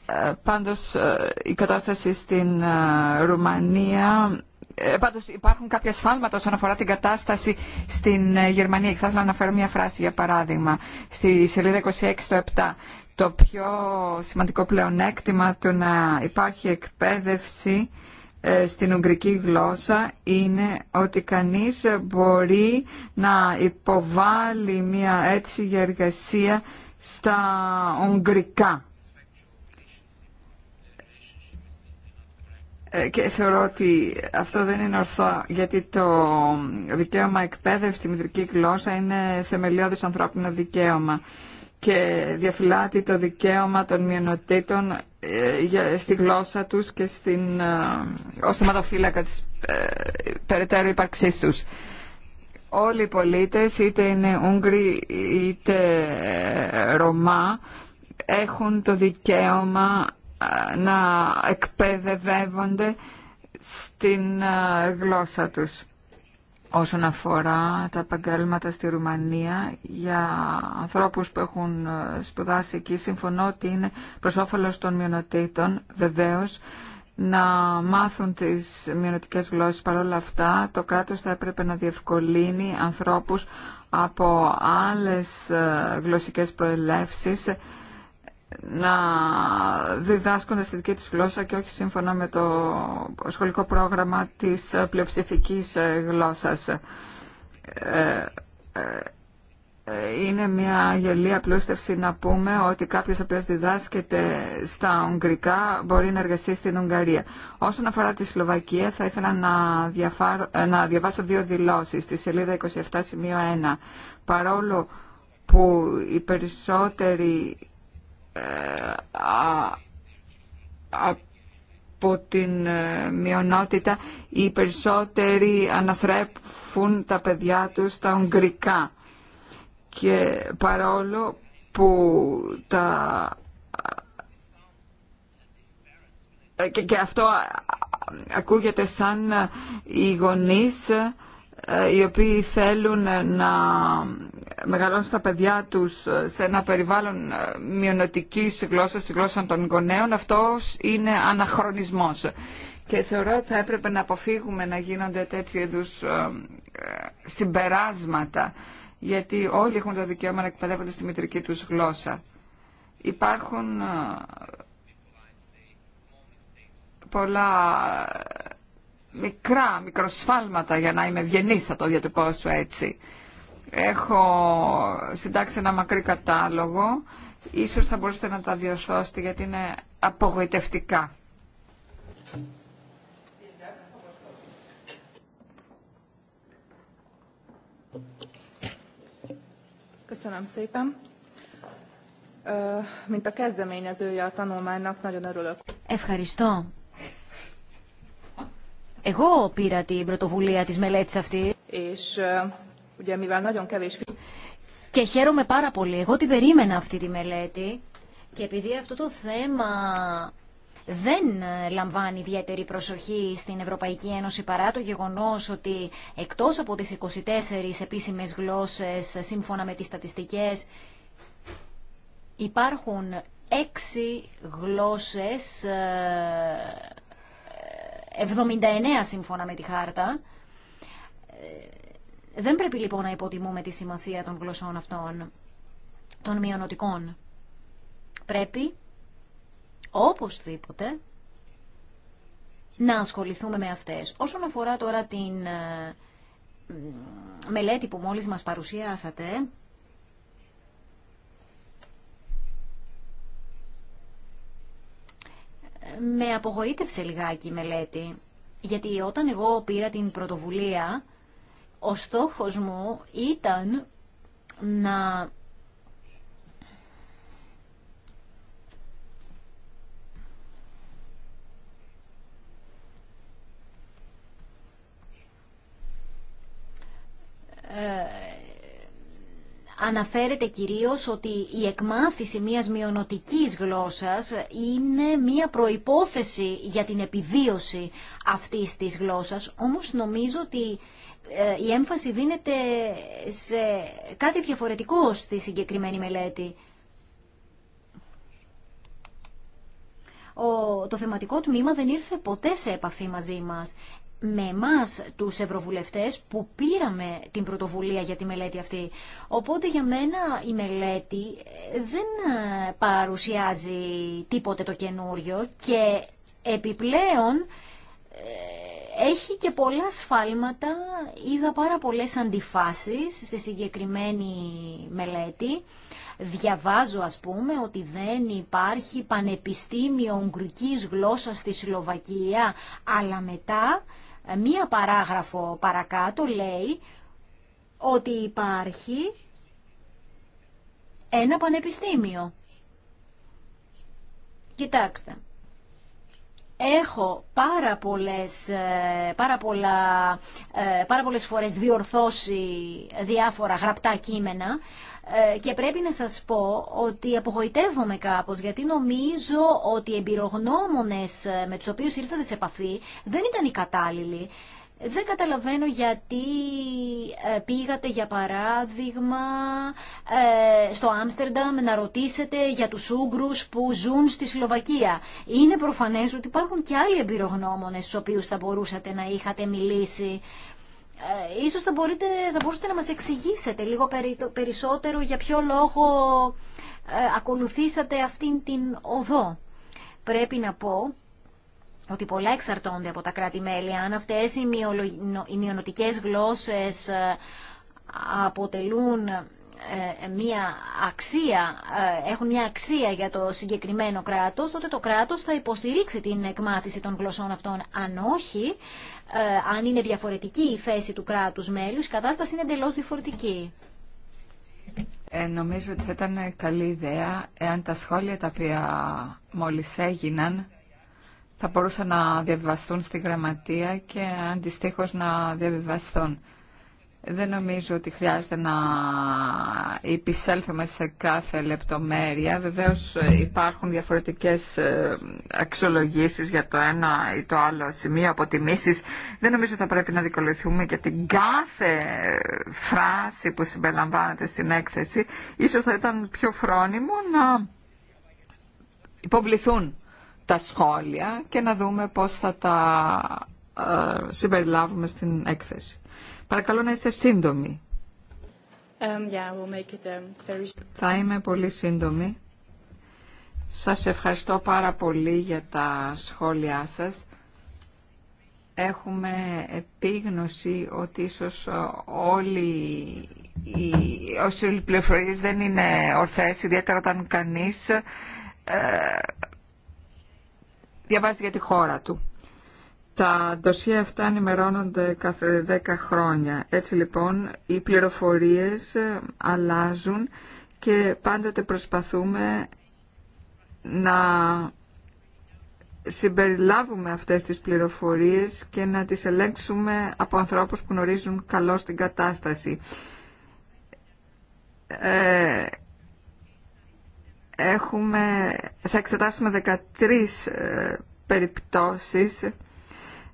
Ε, πάντως ε, η κατάσταση στην ε, Ρουμανία... Πάντω υπάρχουν κάποια σφάλματα όσον αφορά την κατάσταση στην Γερμανία. Και θα ήθελα να αναφέρω μια φράση για παράδειγμα. Στη σελίδα 26 το 7 το πιο σημαντικό πλεονέκτημα του να υπάρχει εκπαίδευση στην ουγγρική γλώσσα είναι ότι κανείς μπορεί να υποβάλει μια έτσι για εργασία στα ουγγρικά. Ε, και θεωρώ ότι αυτό δεν είναι ορθό γιατί το δικαίωμα εκπαίδευση στη μητρική γλώσσα είναι θεμελιώδης ανθρώπινο δικαίωμα και διαφυλάτει το δικαίωμα των μειονοτήτων ε, στη γλώσσα τους και στην, ε, ως θεματοφύλακα της περαιτέρω ύπαρξής τους. Όλοι οι πολίτες, είτε είναι Ούγγροι είτε Ρωμά, έχουν το δικαίωμα να εκπαιδευεύονται στην ε, γλώσσα τους. Όσον αφορά τα επαγγέλματα στη Ρουμανία, για ανθρώπους που έχουν ε, σπουδάσει εκεί, συμφωνώ ότι είναι προς όφελος των μειονοτήτων, βεβαίως, να μάθουν τις μειονοτικές γλώσσες. Παρ' όλα αυτά, το κράτος θα έπρεπε να διευκολύνει ανθρώπους από άλλες ε, γλωσσικές προελεύσεις να διδάσκονται στη δική τους γλώσσα και όχι σύμφωνα με το σχολικό πρόγραμμα της πλειοψηφικής γλώσσας. Ε, ε, είναι μια γελία πλούστευση να πούμε ότι κάποιος ο οποίος διδάσκεται στα Ουγγρικά μπορεί να εργαστεί στην Ουγγαρία. Όσον αφορά τη Σλοβακία θα ήθελα να, ε, να διαβάσω δύο δηλώσεις στη σελίδα 1, Παρόλο που οι περισσότεροι ε, από την ε, μειονότητα οι περισσότεροι αναθρέφουν τα παιδιά τους στα Ουγγρικά και παρόλο που τα ε, και, και αυτό ακούγεται σαν οι γονείς οι οποίοι θέλουν να μεγαλώνουν στα παιδιά τους ε, σε ένα περιβάλλον ε, μειονοτικής γλώσσας, τη γλώσσα των γονέων, αυτό είναι αναχρονισμός. Και θεωρώ ότι θα έπρεπε να αποφύγουμε να γίνονται τέτοιου είδου ε, συμπεράσματα, γιατί όλοι έχουν το δικαίωμα να εκπαιδεύονται στη μητρική τους γλώσσα. Υπάρχουν πολλά μικρά, μικροσφάλματα, για να είμαι ευγενής θα το διατυπώσω έτσι. Έχω συντάξει ένα μακρύ κατάλογο. Ίσως θα μπορούσατε να τα διορθώσετε γιατί είναι απογοητευτικά. Köszönöm szépen. Mint a kezdeményezője a tanulmánynak, nagyon örülök. Ευχαριστώ. Εγώ πήρα την πρωτοβουλία της μελέτης αυτή. És και χαίρομαι πάρα πολύ. Εγώ την περίμενα αυτή τη μελέτη και επειδή αυτό το θέμα δεν λαμβάνει ιδιαίτερη προσοχή στην Ευρωπαϊκή Ένωση παρά το γεγονός ότι εκτός από τις 24 επίσημες γλώσσες σύμφωνα με τις στατιστικές υπάρχουν έξι γλώσσες 79 ε, σύμφωνα με τη χάρτα δεν πρέπει λοιπόν να υποτιμούμε τη σημασία των γλωσσών αυτών, των μειονοτικών. Πρέπει οπωσδήποτε να ασχοληθούμε με αυτές. Όσον αφορά τώρα την ε, μελέτη που μόλις μας παρουσιάσατε, ε, με απογοήτευσε λιγάκι η μελέτη, γιατί όταν εγώ πήρα την πρωτοβουλία ο στόχος μου ήταν να ε, αναφέρεται κυρίως ότι η εκμάθηση μιας μειονοτικής γλώσσας είναι μια προϋπόθεση για την επιβίωση αυτής της γλώσσας, όμως νομίζω ότι ε, η έμφαση δίνεται σε κάτι διαφορετικό στη συγκεκριμένη μελέτη. Ο, το θεματικό τμήμα δεν ήρθε ποτέ σε επαφή μαζί μας. Με μας τους ευρωβουλευτές που πήραμε την πρωτοβουλία για τη μελέτη αυτή. Οπότε για μένα η μελέτη ε, δεν ε, παρουσιάζει τίποτε το καινούριο και επιπλέον έχει και πολλά σφάλματα, είδα πάρα πολλές αντιφάσεις στη συγκεκριμένη μελέτη. Διαβάζω ας πούμε ότι δεν υπάρχει πανεπιστήμιο ουγγρικής γλώσσας στη Σλοβακία, αλλά μετά ε, μία παράγραφο παρακάτω λέει ότι υπάρχει ένα πανεπιστήμιο. Κοιτάξτε, έχω πάρα πολλές, ε, πάρα, πολλά, ε, πάρα φορές διορθώσει διάφορα γραπτά κείμενα ε, και πρέπει να σας πω ότι απογοητεύομαι κάπως γιατί νομίζω ότι οι εμπειρογνώμονες με τους οποίους ήρθατε σε επαφή δεν ήταν οι κατάλληλοι. Δεν καταλαβαίνω γιατί ε, πήγατε για παράδειγμα ε, στο Άμστερνταμ να ρωτήσετε για τους Ούγκρους που ζουν στη Σλοβακία. Είναι προφανές ότι υπάρχουν και άλλοι εμπειρογνώμονες στους οποίους θα μπορούσατε να είχατε μιλήσει. Ε, ίσως θα, μπορείτε, θα μπορούσατε να μας εξηγήσετε λίγο περισσότερο για ποιο λόγο ακολουθήσατε αυτήν την οδό. Πρέπει να πω ότι πολλά εξαρτώνται από τα κράτη-μέλη. Αν αυτές οι μειονοτικές γλώσσες ε, αποτελούν ε, μια αξία, ε, έχουν μια αξία για το συγκεκριμένο κράτος, τότε το κράτος θα υποστηρίξει την εκμάθηση των γλωσσών αυτών. Αν όχι, αν είναι διαφορετική η θέση του κράτους μέλους, η κατάσταση είναι εντελώ διαφορετική. Ε, νομίζω ότι θα ήταν καλή ιδέα εάν τα σχόλια τα οποία μόλις έγιναν θα μπορούσαν να διαβιβαστούν στη γραμματεία και αντιστοίχως να διαβιβαστούν. Δεν νομίζω ότι χρειάζεται να υπησέλθουμε σε κάθε λεπτομέρεια. Βεβαίως υπάρχουν διαφορετικές ε, αξιολογήσεις για το ένα ή το άλλο σημείο, αποτιμήσεις. Δεν νομίζω θα πρέπει να δικολουθούμε και την κάθε φράση που συμπεριλαμβάνεται στην έκθεση. Ίσως θα ήταν πιο φρόνιμο να υποβληθούν τα σχόλια και να δούμε πώς θα τα ε, συμπεριλάβουμε στην έκθεση. Παρακαλώ να είστε σύντομοι. Um, yeah, make it, um, very... Θα είμαι πολύ σύντομη. Σας ευχαριστώ πάρα πολύ για τα σχόλιά σας. Έχουμε επίγνωση ότι ίσως ε, όλοι οι, όσοι πληροφορίες δεν είναι ορθές, ιδιαίτερα όταν κανείς ε, διαβάζει για τη χώρα του. Τα ντοσία αυτά ενημερώνονται κάθε 10 χρόνια. Έτσι λοιπόν οι πληροφορίες ε, αλλάζουν και πάντοτε προσπαθούμε να συμπεριλάβουμε αυτές τις πληροφορίες και να τις ελέγξουμε από ανθρώπους που γνωρίζουν καλώς την κατάσταση. Ε, έχουμε, θα εξετάσουμε 13 ε, περιπτώσεις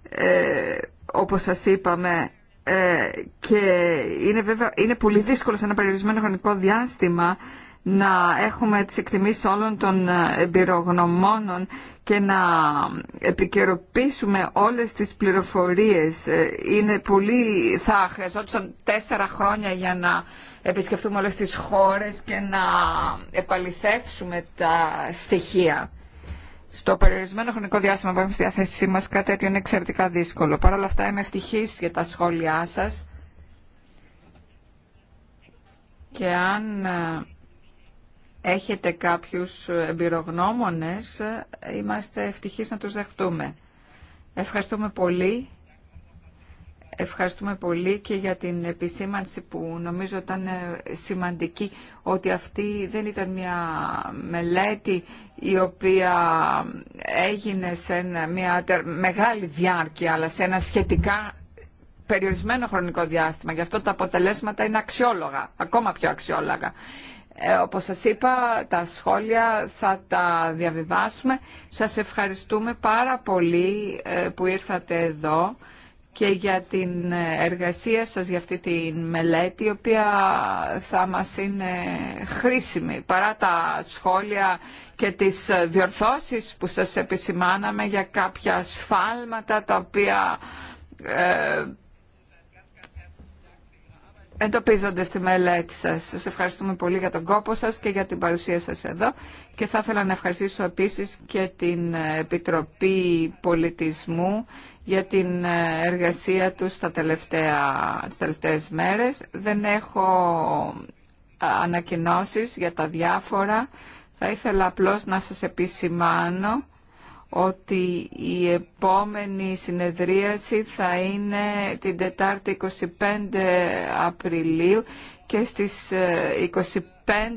ε, όπως σας είπαμε ε, και είναι, βέβαια, είναι πολύ δύσκολο σε ένα περιορισμένο χρονικό διάστημα να έχουμε τις εκτιμήσεις όλων των εμπειρογνωμόνων και να επικαιροποιήσουμε όλες τις πληροφορίες. Ε, είναι πολύ... Θα χρειαζόντουσαν τέσσερα χρόνια για να επισκεφθούμε όλες τις χώρες και να επαληθεύσουμε τα στοιχεία. Στο περιορισμένο χρονικό διάστημα που έχουμε στη διάθεσή μας κάτι τέτοιο είναι εξαιρετικά δύσκολο. Παρ' όλα αυτά είμαι ευτυχής για τα σχόλιά σας. Και αν ε, έχετε κάποιους εμπειρογνώμονες, είμαστε ευτυχείς να τους δεχτούμε. Ευχαριστούμε πολύ. Ευχαριστούμε πολύ και για την επισήμανση που νομίζω ήταν σημαντική ότι αυτή δεν ήταν μια μελέτη η οποία έγινε σε μια μεγάλη διάρκεια αλλά σε ένα σχετικά περιορισμένο χρονικό διάστημα. Γι' αυτό τα αποτελέσματα είναι αξιόλογα, ακόμα πιο αξιόλογα. Ε, όπως σας είπα, τα σχόλια θα τα διαβιβάσουμε. Σας ευχαριστούμε πάρα πολύ ε, που ήρθατε εδώ και για την ε, εργασία σας για αυτή τη μελέτη, η οποία θα μας είναι χρήσιμη, παρά τα σχόλια και τις ε, διορθώσεις που σας επισημάναμε για κάποια σφάλματα τα οποία εντοπίζονται στη μελέτη σας. Σας ευχαριστούμε πολύ για τον κόπο σας και για την παρουσία σας εδώ και θα ήθελα να ευχαριστήσω επίσης και την Επιτροπή Πολιτισμού για την εργασία τους στα τελευταία, τις τελευταίες μέρες. Δεν έχω ανακοινώσεις για τα διάφορα. Θα ήθελα απλώς να σας επισημάνω ότι η επόμενη συνεδρίαση θα είναι την Τετάρτη 25 Απριλίου και στις 25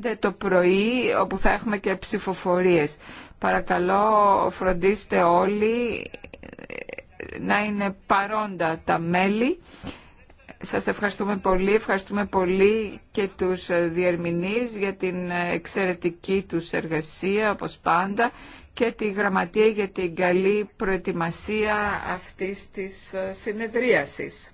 ε, το πρωί όπου θα έχουμε και ψηφοφορίες. Παρακαλώ φροντίστε όλοι ε, να είναι παρόντα τα μέλη. Σας ευχαριστούμε πολύ, ευχαριστούμε πολύ και τους ε, διερμηνείς για την εξαιρετική τους εργασία, όπως πάντα, και τη Γραμματεία για την καλή προετοιμασία αυτής της ε, συνεδρίασης.